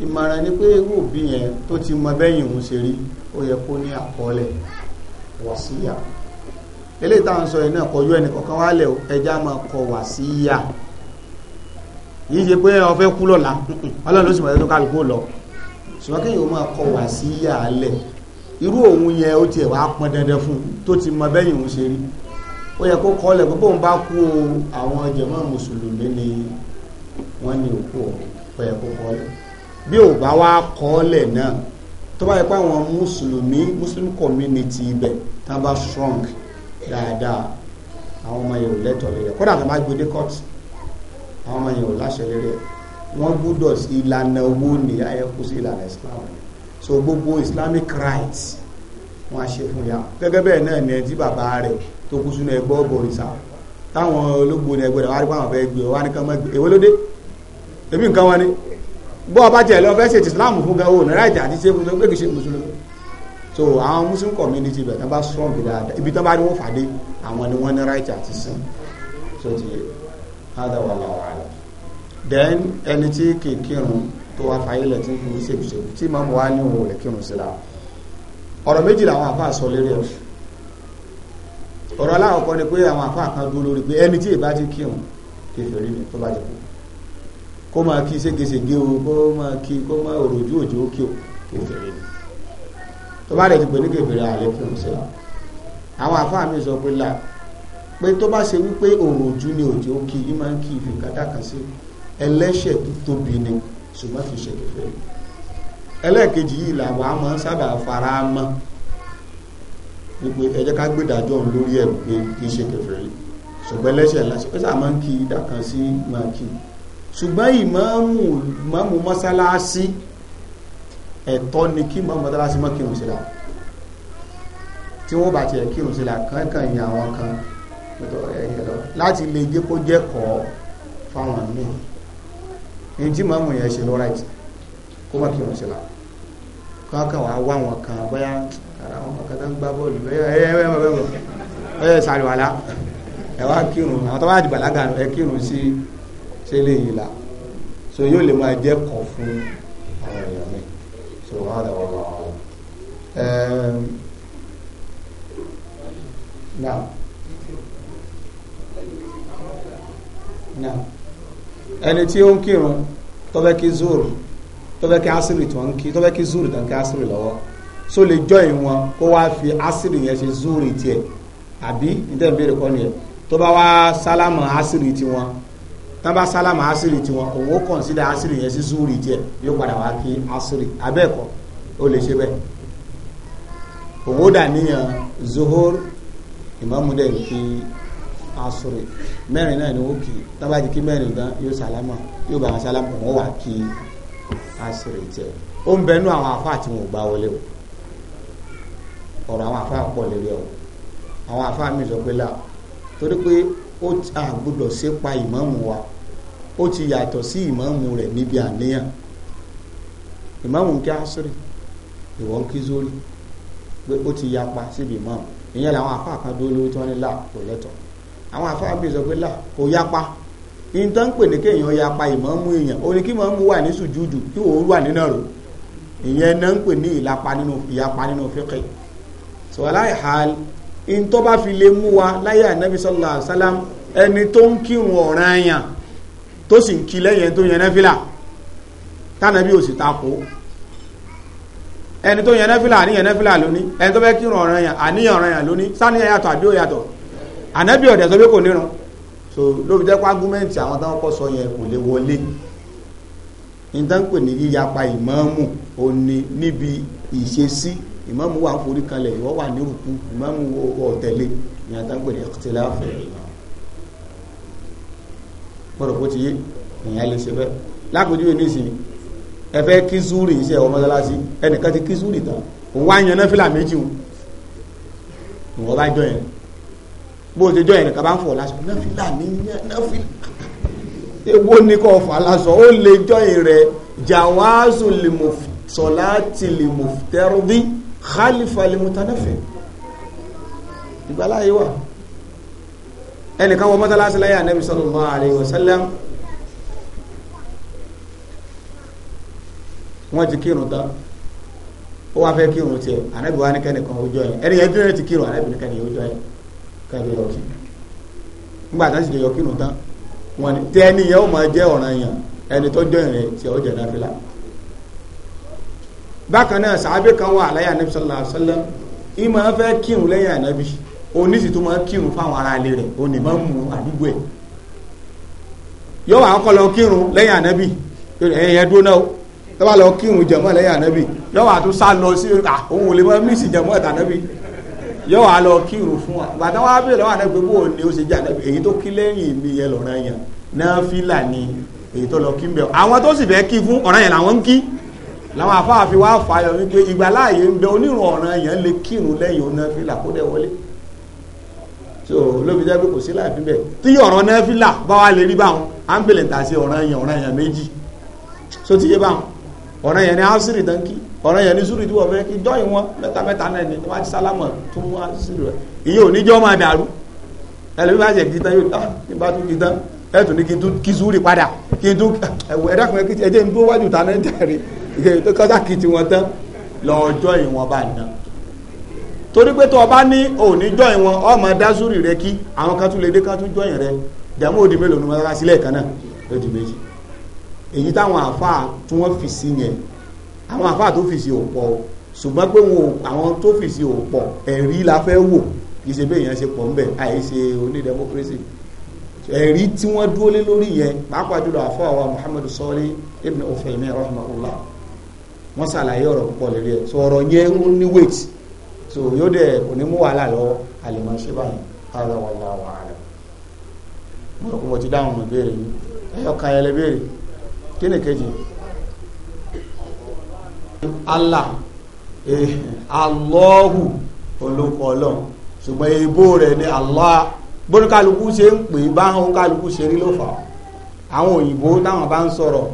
ìmọ̀ràn ni pé irú òbí yẹn tó ti mọ bẹ́yìn òun ṣe rí ó yẹ kó ní àkọọ́lẹ̀ wàsíyà eléyìí táwọn sọ yìí náà kọjú ẹnì kọ̀ọ̀kan wálẹ̀ ẹja máa kọ wàsíyà yìí ṣe pé ó fẹ́ kú lọ́la ọlọ́run ló sì mọ̀ ẹ́ tó kálukú lọ ṣùgbọ́n kéèyàn máa kọ wàsíyà lẹ̀ irú òun yẹn ó tiẹ̀ wàá pọn dandan fún tó ti mọ bẹ́yìn òun ṣe rí ó yẹ kó kọ́lẹ̀ pé bóun bá kú àwọn jàmá mùsùlùmí ni wọ́n ní òkú ọ̀ ó yẹ kó kọ́lẹ̀ bí ò bá wá kọ́ọ́lẹ̀ náà tó bá yẹ pé àwọn mùsùlùmí muslim community ibẹ̀ tá bá strong dáadáa àwọn ọmọ yẹn ò lẹ́tọ̀ọ́ lé rẹ̀ kódà tó bá gbé dé court àwọn ọmọ yẹn láṣẹ lé wọ́n gbọ́dọ̀ sí ìlànà owó ní ayẹ́kú sí ìlànà islam so gbogbo islamic rights wọ́n á ṣe fún ya gẹ́gẹ́ bẹ́ẹ̀ náà ni ẹtí bàbá rẹ̀ tó kú sínú ẹgbẹ́ ọ̀bọ̀rìṣà táwọn ológun ẹgbẹ́ rẹ̀ wá rí pàwọn fẹ́ gbé wá ní kánmọ́ èwo ló dé èmi nǹkan wọn ni bọ́ ọba jẹ́ lọ fẹ́ ṣe islam fún gan òun ráìtì àti ṣe fún pé kì í ṣe mùsùlùmí so àwọn muslim community bẹ̀ tán strong dáadáa ibi tán bá ní wọ́n fàdé àwọn ni wọ́n ní ráìtì àti sin so ti hádà wà láwà rẹ̀ then ẹni tí kì í kírun tó wá fàyè lẹ̀ tí ń kúrú ṣèkúṣèkú tí máa mú wá ní òun rẹ̀ kírun sí la ọ̀rọ̀ méjì làwọn àfa sọ lérí ẹ̀ ọ̀rọ̀ aláwọ̀ kan ni pé àwọn àfa kan dúró lórí pé ẹni tí ì bá ti kírun kẹfẹ́ rí kó máa kí ségesège o kó máa kí kó máa òròjú òjò kí o kèfèrè ni tó bá rẹ̀ ti pè ní kèfèrè àlékún sílá àwọn àfáà mi sọ pé là pé tó bá ṣe wípé òròjú ni òjò kí i máa ń kí ìfì kátàkàn sí ẹlẹ́ṣẹ̀ tó tóbi ni ṣùgbọ́n fi ṣe kèfèrè ẹlẹ́ẹ̀kejì yìí làwọn a máa ń sábà fara mọ́ wípé ẹ jẹ́ ká gbèdájọ́ òun lórí ẹ̀ pé kì í ṣe kèfèrè ṣùgbọ́n ẹlẹ́ṣẹ̀ láṣẹ pé sáà ń kí ìdà sí máa kí i ṣùgbọ́n ìmáàmù ìmáàmù mọ́sálásí ẹ̀tọ́ ni kí ìmáàmù mọ́sálásí mọ́ kírun sílá tí wọ́n bá tiẹ̀ kírun sílá kankan yìí àwọn kan láti lè jẹ́ kó jẹ́ kọ́ fáwọn míì ní tí ìmáàmù yẹn ṣe lọ́ráìt kó mọ́ kírun sílá kankan wàá wá wọn kan bóyá ara wọn kan tó ń gbá bọ́ọ̀lù ẹ ẹ sàrìwàlá ẹ wá kírun àwọn tó bá dìgbà lága ẹ kírun sí i ṣe lè yìí la so yóò lè máa jẹ́ kàn fún àwọn èèyàn mi so wọ́n á dàgbà wọ́n Now. Now. ẹni tí ó ń kírun tọ́fẹ́ kí zoro tọ́fẹ́ kí asiri tí wọ́n ń kí tọ́fẹ́ kí zoro tán kí asiri lọ́wọ́ so lè jọ ìwọ̀n kó wá fi asiri yẹn ṣe zoro tiẹ̀ àbí nítorí ìbéèrè kọ́ nìyẹn tó bá wá sálámù asiri tiwọn tán bá sálámà asiri tiwọn òun ó kọ̀nsídà asiri yẹn sí súwúrì tiẹ̀ yóò padà wá kí asiri abẹ́ẹ̀kọ́ ó lè ṣe bẹ́ẹ̀ òun dà níyàn zohor ìmáàmù dẹ̀ kí asiri mẹ́rin náà ni ó kì í tán bá ti kí mẹ́rin gan yóò sálámà yóò bá wọn sálámà òun ó wà kí asiri tiẹ̀ ó ń bẹnu àwọn afá tí wọn ò gbá wọlé o ọ̀rọ̀ àwọn afá pọ̀ lórí ọ̀ àwọn afá mi sọ pé là torí pé ó gbọ́dọ̀ ṣe pa ìmáàmù wa ó ti yàtọ̀ sí ìmáàmù rẹ̀ níbi àníyàn ìmáàmù ń kí asúrì ìwọ ń kí zórí pé ó ti yapa síbi ìmáàmù ìyẹn làwọn àfáà kan dúró lórí tí wọ́n ní là kò lẹ́tọ̀ àwọn àfáà bíi sọ pé là kò yapa ní tó ń pè ní kéèyàn yapa ìmáàmù èèyàn ó ní kí ìmáàmù wà ní sùjúdù kí òun wà nínú ọ̀rọ̀ ìyẹn náà ń pè ní ìlapa nínú ìyapa nínú fíkì sọ aláìhàl ní tó bá fi lè mú wa láyé ànábì sallallahu alaihi wasallam ẹni tó ń kírun ọ̀ranyàn tó sì ń kí lẹ́yìn tó yẹn nẹ́fìlà tánàbí ò sì takò ẹni tó yẹn nẹ́fìlà àníyàn nẹ́fìlà lóní ẹni tó fẹ́ kírun ọ̀ràn yàn àníyàn ọ̀ràn yàn lóní sáníyàn yàtọ̀ àbí yàtọ̀ ànábì ọ̀dẹ̀ sọ pé kò nírun so lóbi jẹ́ pé ágúmẹ́ǹtì àwọn táwọn kọ́ sọ yẹn kò lè wọlé ní tán pè ní yíyapa ìmáàmù òní níbi ìṣesí ìmáàmù wà ń forí kanlẹ̀ ìwọ wà ní rùkú ìmáàmù ọ̀tẹ̀lé ní àtàǹpẹ̀ ní ọ̀tẹ̀lẹ̀ àfẹ́ mọ̀rọ̀ kó ti yé èèyàn lè ṣe bẹ́ẹ̀ lápèjúwe nísìnyí ẹ fẹ́ kí zúrì iṣẹ́ ọmọ mọ́sálásí ẹnìkan ti kí zúrì tán òun wá yan náfìlà méjì wọn ìwọ bá jọ yẹn bó o ti jọ yẹn nìkan bá ń fọ lásán náfìlà ní náfìlà ewo ní kò fà lásán ó lè jọ yẹn rẹ jawazu sọláàtì lèmọ̀tẹ́rọ́dí khalifa lèmọ̀tánẹ́fẹ̀ ìgbàláyé wà ẹnìkan wọ mọ́tàlásí láyé ànábì sallallahu alayhi wa sallam wọ́n ti kírun tán ó wá fẹ́ kírun tiẹ̀ ànábì wa ní kẹ́nìkan ojọ́ yẹn ẹni yẹn tí ti kírun ànábì ní kẹ́nìkan ojọ́ yẹn kẹ́nìkan yọ kí nígbà tá sì jọ yọ kírun tán wọ́n ní tẹ́ ẹni yẹn ó máa jẹ́ ọ̀ràn yẹn ẹni tó jọ ìrìn tí ó jẹ̀ náfìlà bákan náà sàábì kan wà láyé ànábì sallallahu oníṣì tó máa kírun fáwọn ará ilé rẹ̀ òní máa ń mu àdúgbò ẹ̀ yóò wà ń kọ́ lọ kírun lẹ́yìn ànábì ẹ̀yìn ẹ̀dúró náà tó bá lọ kírun jẹ̀mọ́ lẹ́yìn ànábì yóò wà sá lọ sí òun lè máa mísì jẹ̀mọ́ ẹ̀tà ànábì yóò wà kírun fún wa gbàtà wà á bèrè lọ́wọ́ ànábì bó o ní o ṣe jẹ́ ànábì èyí tó kí lẹ́yìn mi yẹ lọ́rọ̀ yẹn náfìlà ni èyí tó lọ kí ń bẹ̀ àwọn tó sì fẹ́ kí fún ọ̀ràn yẹn làwọn ń kí làwọn afáàfin wa fààyàn wípé ìgbàláàyè ń bẹ onírun ọ̀ràn yẹn lè kírun lẹ́yìn onáfìlà kó dẹ̀ wọlé so olóbi jẹ́ pé kò sí láì fi bẹ̀ tí ọ̀rọ̀ náfìlà bá wa lè rí báwọn à ń pèlè ntàsí ọ̀ràn yẹn ọ̀ràn yẹn méjì so ti yé báwọn ọ̀ràn yẹn ni asiri tán kí ọ̀ràn yẹn ni sùúrù tí wọ́n fẹ́ kí jọ́ ìwọ̀n mẹ́ta mẹ́ta náà ni wọ́n á ti sálámọ̀ tún wọ́n asiri rẹ̀ ìyẹn oníjọ́ máa dàrú ẹlẹ́bí bá jẹ́ kìtán yóò ah kí n bá tún kìtán ẹ tún ní kí n tún kí sùúrù padà kí n tún ẹ dákun ẹ jẹ́ n tó wájú ta náà jàre kọ́sà kìtì wọn tán lọ́jọ́ torí pé tó o ní òní jọyìn wọn ọmọ dásúrì rẹ kí àwọn kan tún lè dé kan tún jọyìn rẹ jàmú òdì mélòó ni wọn rárá sílẹ̀ kan náà lódì méjì èyí táwọn àáfàá tí wọ́n fi sí yẹn àwọn àáfàá tó fi sí ò pọ̀ ṣùgbọ́n pé wọn àwọn tó fi sí ò pọ̀ ẹ̀rí la fẹ́ wò kì í ṣe bẹ́ẹ̀ yẹn ṣe pọ̀ ńbẹ̀ àyè ṣe oní democracy ẹ̀rí tí wọ́n dúró lé lórí yẹn pàápàá jùlọ àfọwà wa Muhammadu sọ́ọ́lì ibn Uthaymin rahmanullah wọ́n ṣàlàyé ọ̀rọ̀ púpọ̀ lérí ẹ̀ sọ ọ̀rọ̀ yẹn ó ní wéètì so yóò dẹ̀ onímú wàhálà lọ́wọ́ àlèmọ́ ṣe báyìí ara wà láwà rẹ̀ mo rò pé mo ti dáhùn mi béèrè yìí ẹ̀yọ̀ kan ẹlẹ́ béèrè kí ni kejì Allah eh, alọ́hù olóko ọlọ́run ṣùgbọ́n èèbó rẹ̀ ni Allah bóníkálukú ṣe ń pè báwọn kálukú ṣe rí ló fà á àwọn òyìnbó táwọn bá ń sọ̀rọ̀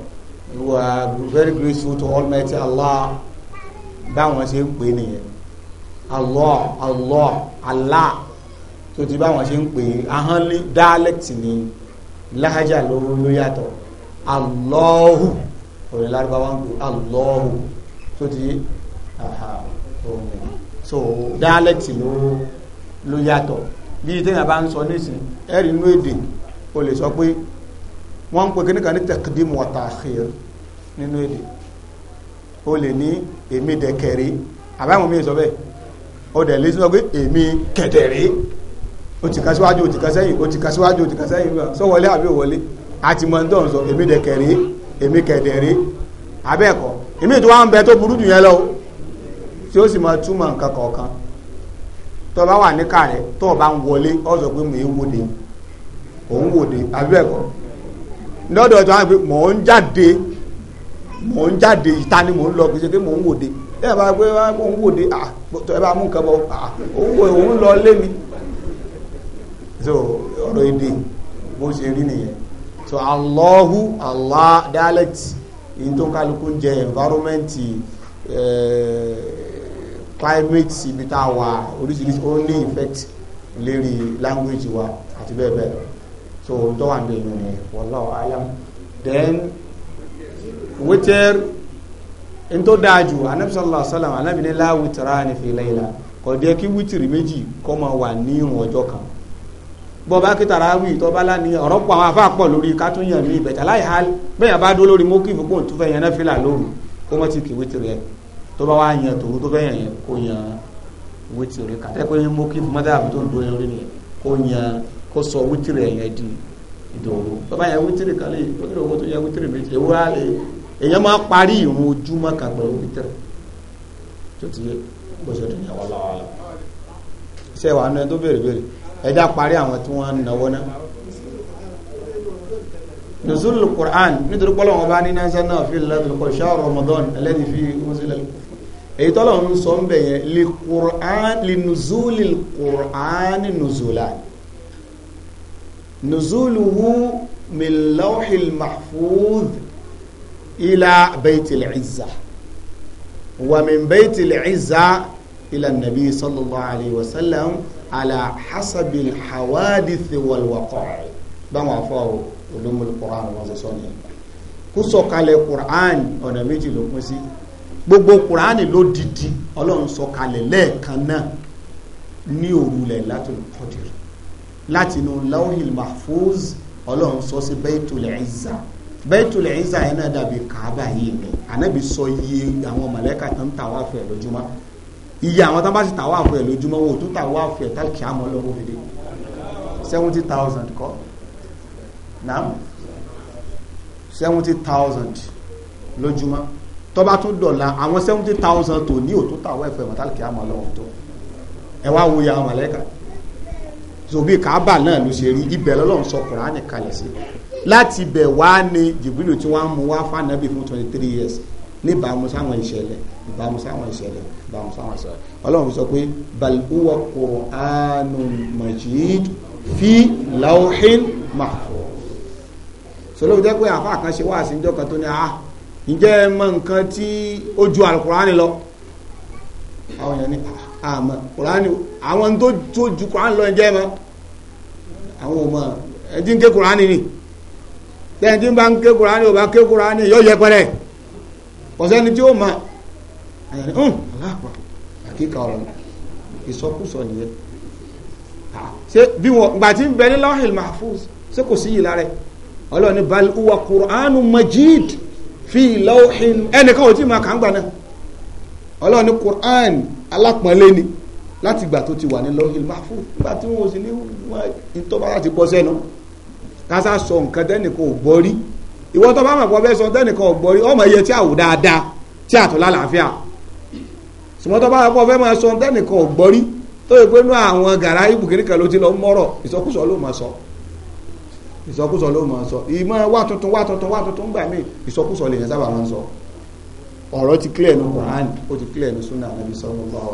you are very grateful to Almighty Allah báwọn ṣe ń pè nìyẹn Allah Allah Allah tó ti báwọn ṣe ń pè é ahọ́n ní dialect ní láhájà ló ló yàtọ̀ Allahu òrìn lárúbáwá ń pè Allahu tó ti so dialect ló ló yàtọ̀ bí téèyàn bá ń sọ nísìn ẹ̀rí inú èdè o lè sọ pé wọ́n ń pe kíníkan ní taqdim wa ta'khir nínú èdè o lè ní èmi dẹ̀kẹ̀rí àbáwọn mi sọ bẹ́ẹ̀ ó dẹ̀ lé sínú pé èmi kẹ̀dẹ̀ rí ó ti kan síwájú ó ti kan sẹ́yìn ó ti kan síwájú ó ti kan sẹ́yìn sọ wọlé àbí òwọlé àti mọ̀ ń tọ̀ sọ èmi dẹ̀ kẹ̀rí èmi kẹ̀dẹ̀ rí abẹ́ẹ̀kọ́ èmi tó wá ń bẹ tó burú jù yẹn lọ tí ó sì máa túmọ̀ nǹkan kọ̀ọ̀kan tó bá wà níkà rẹ̀ tó bá ń wọlé ó sọ pé mò ń wòde òun wòde abẹ́ẹ̀kọ́ lọ́dọ̀ tó wá ń pè mò ń jáde mò ń jáde ìta ni mò ń lọ kì í ṣe pé mò ń wòde ẹ bá gbé wá kó wò dé à ah, ẹ bá mú nǹkan bọ à ah, òun lọ lé mi so ọ̀rọ̀ èdè bó ṣe rí nìyẹn so allahu allah dialect yìí tó kálukú jẹ environment eh, climate ibi tá wà oríṣiríṣi ó effect lérí language wa àti bẹ́ẹ̀ bẹ́ẹ̀ so tó wà ní ìlú nìyẹn wallahu alam then wetin n tó dáa jù anabi sallallahu alayhi wa sallam anabi ní la witrani fi layla kò jẹ́ kí wítìrì méjì kó máa wà ní ìrùn ọjọ́ kan bọba kìtàràwì tọ́bálá ni ọ̀rọ̀ pọ̀ àwọn afáàpọ̀ lórí kátúnyàn mi ìbẹ̀tà láì ha bẹ́yàn bá dúró lórí mókì fúnpọ̀ tó fẹ́ yan náà fìlà lóru kó mọ́ ti kì wítìrì ẹ̀ tó bá wá yan tòru tó fẹ́ yan yẹn kó yan wítìrì kàtẹ́ pé mókì fún mọ́tà àbútó ń dóyan rí nìyẹn kó yan kó sọ wítìrì ẹ̀ yẹn di ìdòwò bọ́ba yan wítìrì kan èèyàn máa parí ìrun ojúmọ́ kan pẹ̀lú wítìrì tó ti yé bó ṣe dùn yàwó lọ́wọ́ ṣe wà nínú tó béèrè béèrè ẹjá parí àwọn tí wọ́n ń náwó náà nùsùlù Qur'an nítorí pọ́lọ̀ wọn bá ní náṣẹ́ náà fi lẹ́tọ̀lọ́kọ̀ ṣáà Ramadan ẹlẹ́ni fi mọ́sílẹ̀ èyí tọ́lọ̀ ń sọ ń bẹ̀yẹn lè Qur'an lè nùsùlù Qur'an nùsùlà nùsùlù hu min lawhil ila baitil izza wa min baitil izza ila nabi sallallahu alayhi wa sallam ala hasabil hawadithi wal waqa'i báwọn afọ ulumul quran wọn sọ ní kó sọ̀kalẹ̀ quran ọ̀nà méjì ló pín sí gbogbo quran ló didi ọlọ́run sọ̀kalẹ̀ lẹ́ẹ̀kan náà ní òrùlẹ̀ látul qadir látinú lawhil mahfuz ọlọ́run sọ sí baitul izza Baitul Izza yẹn náà dàbí Kaaba yìí ni ànábì sọ iye àwọn màláíkà tó ń tàwáfù ẹ̀ lójúmọ́ iye àwọn tó bá ti tàwáfù ẹ̀ lójúmọ́ wọn ò tún tàwáfù ẹ̀ tàbí kìá mọ́ lọ́wọ́ fìdí seventy thousand kọ́ naam seventy thousand lójúmọ́ tó bá tún dọ̀la àwọn seventy thousand tó ní ò tún tàwáfù ẹ̀ tàbí kìá mọ́ lọ́wọ́ tó ẹ wá wo iye àwọn màláíkà so bí Kaaba náà ló ṣe rí ibẹ̀ lọ́lọ́run láti bẹ̀ wá ní jìbìlù tí wọ́n mú wá fànàbì fún twenty three years ní ìbámu sáwọn ìṣẹ̀lẹ̀ ìbámu sáwọn ìṣẹ̀lẹ̀ ìbámu sáwọn ìṣẹ̀lẹ̀ ọlọ́run fi sọ pé bal huwa qur'anun fi lawhin mahfuz sọlọ́wọ́ jẹ́ pé àfa àkànṣe wá sí ìjọ kan tó ní ah ǹjẹ́ ẹ mọ nǹkan tí ó ju alukurani lọ àwọn èèyàn ní ah, àmọ́ kurani àwọn tó ju kurani lọ ǹjẹ́ ẹ mọ àwọn ò mọ ẹ dín ké kurani ni tẹ́yìn tí ń bá ń ké Kùránì ò bá ké Kùránì yóò yẹ pẹ́rẹ́ ọ̀sẹ́ni tí ó mọ̀ ẹ̀yìn ọ̀hún aláàpá àkíkà ọ̀rọ̀ ìsọkúsọ nìyẹn ṣé bí wọn gbà tí ń bẹ ní Lawhil Mahfuz ṣé kò sí yìí lára ẹ̀ ọlọ́ni bal huwa Qur'anu majid fi lawhin ẹnìkan ò tí ì kà ń gbà náà ọlọ́ni Qur'an alápọ̀nlé ni láti gbà tó ti wà ní Lawhil Mahfuz nígbà tí wọn ò sì ní ìtọ́ba láti bọ́ sẹ́nu kásá sọ nǹkan tẹ́nìkan ò gbọ́ rí ìwọ tó bá mọ̀ pọ̀ bẹ́ẹ̀ sọ tẹ́nìkan ò gbọ́ rí ọmọ iye tí àwò dáadáa tí àtọ̀ lálàáfíà sùmọ́ tó bá mọ̀ pọ̀ fẹ́ máa sọ tẹ́nìkan ò gbọ́ rí tó yẹ pé nú àwọn gàrá ibùkún kan ló ti lọ mọ́rọ̀ ìsọkúsọ ló máa sọ ìsọkúsọ ló máa sọ ìmọ̀ wà tuntun wà tuntun wà tuntun gbà mí ìsọkúsọ lè yẹn sábà máa ń sọ ọ̀rọ̀ ti clear nu Quran ó ti clear nu sunna anabi sallallahu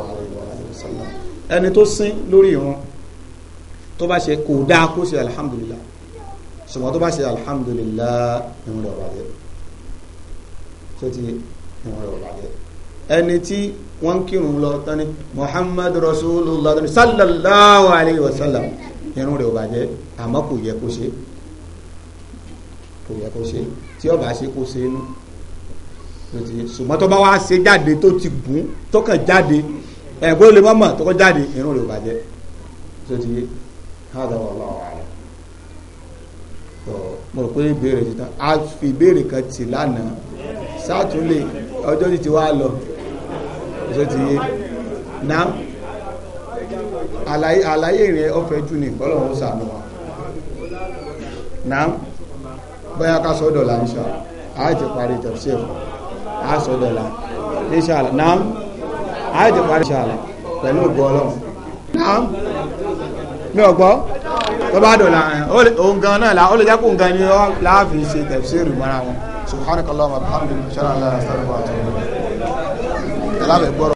ẹni tó sín lórí ìran tó bá ṣe kò dáa kó ṣe alhamdulillah ṣùgbọ́n tó bá ṣe alhamdulillah ìwọ̀n rẹ̀ ọ̀bà jẹ́ tó ti ìwọ̀n rẹ̀ ọ̀bà jẹ́ ẹni tí wọ́n kírun lọ tani muhammadu rasulullah tani sallallahu alayhi wa sallam ìrun rẹ̀ ọ̀bà jẹ́ àmọ́ kò yẹ kó ṣe kò yẹ kó ṣe tí ọba ṣe kó ṣe inú ṣùgbọ́n tó bá wá ṣe jáde tó ti gùn tó jáde ẹ̀gbọ́n lè mọ́mọ́ tó jáde ìrun rẹ̀ ọ̀bà jẹ́ tó ti hádà wà mo rò pé ìbéèrè ti tán a fi ìbéèrè kan tì lánàá sátúlé ọjọ́ ti ti wá lọ ọjọ́ ti yé ná àlàyé rẹ ọfẹ jù ní ọlọ́run sànù wa ná bóyá ká sọ dọ̀là ń sọ a ti parí tafsir a sọ dọ̀là ń sọ àlà ná a ti parí sọ àlà pẹ̀lú ògbọ́ ọlọ́run mi ò gbọ́ tó bá dọ̀la òun gan náà la ó lè jẹ́ kó ni láàfin ṣe tafsir mọ́ra wọn subhanakallah wa bihamdihi ṣẹlẹ̀ aláàbẹ̀ gbọ́rọ̀.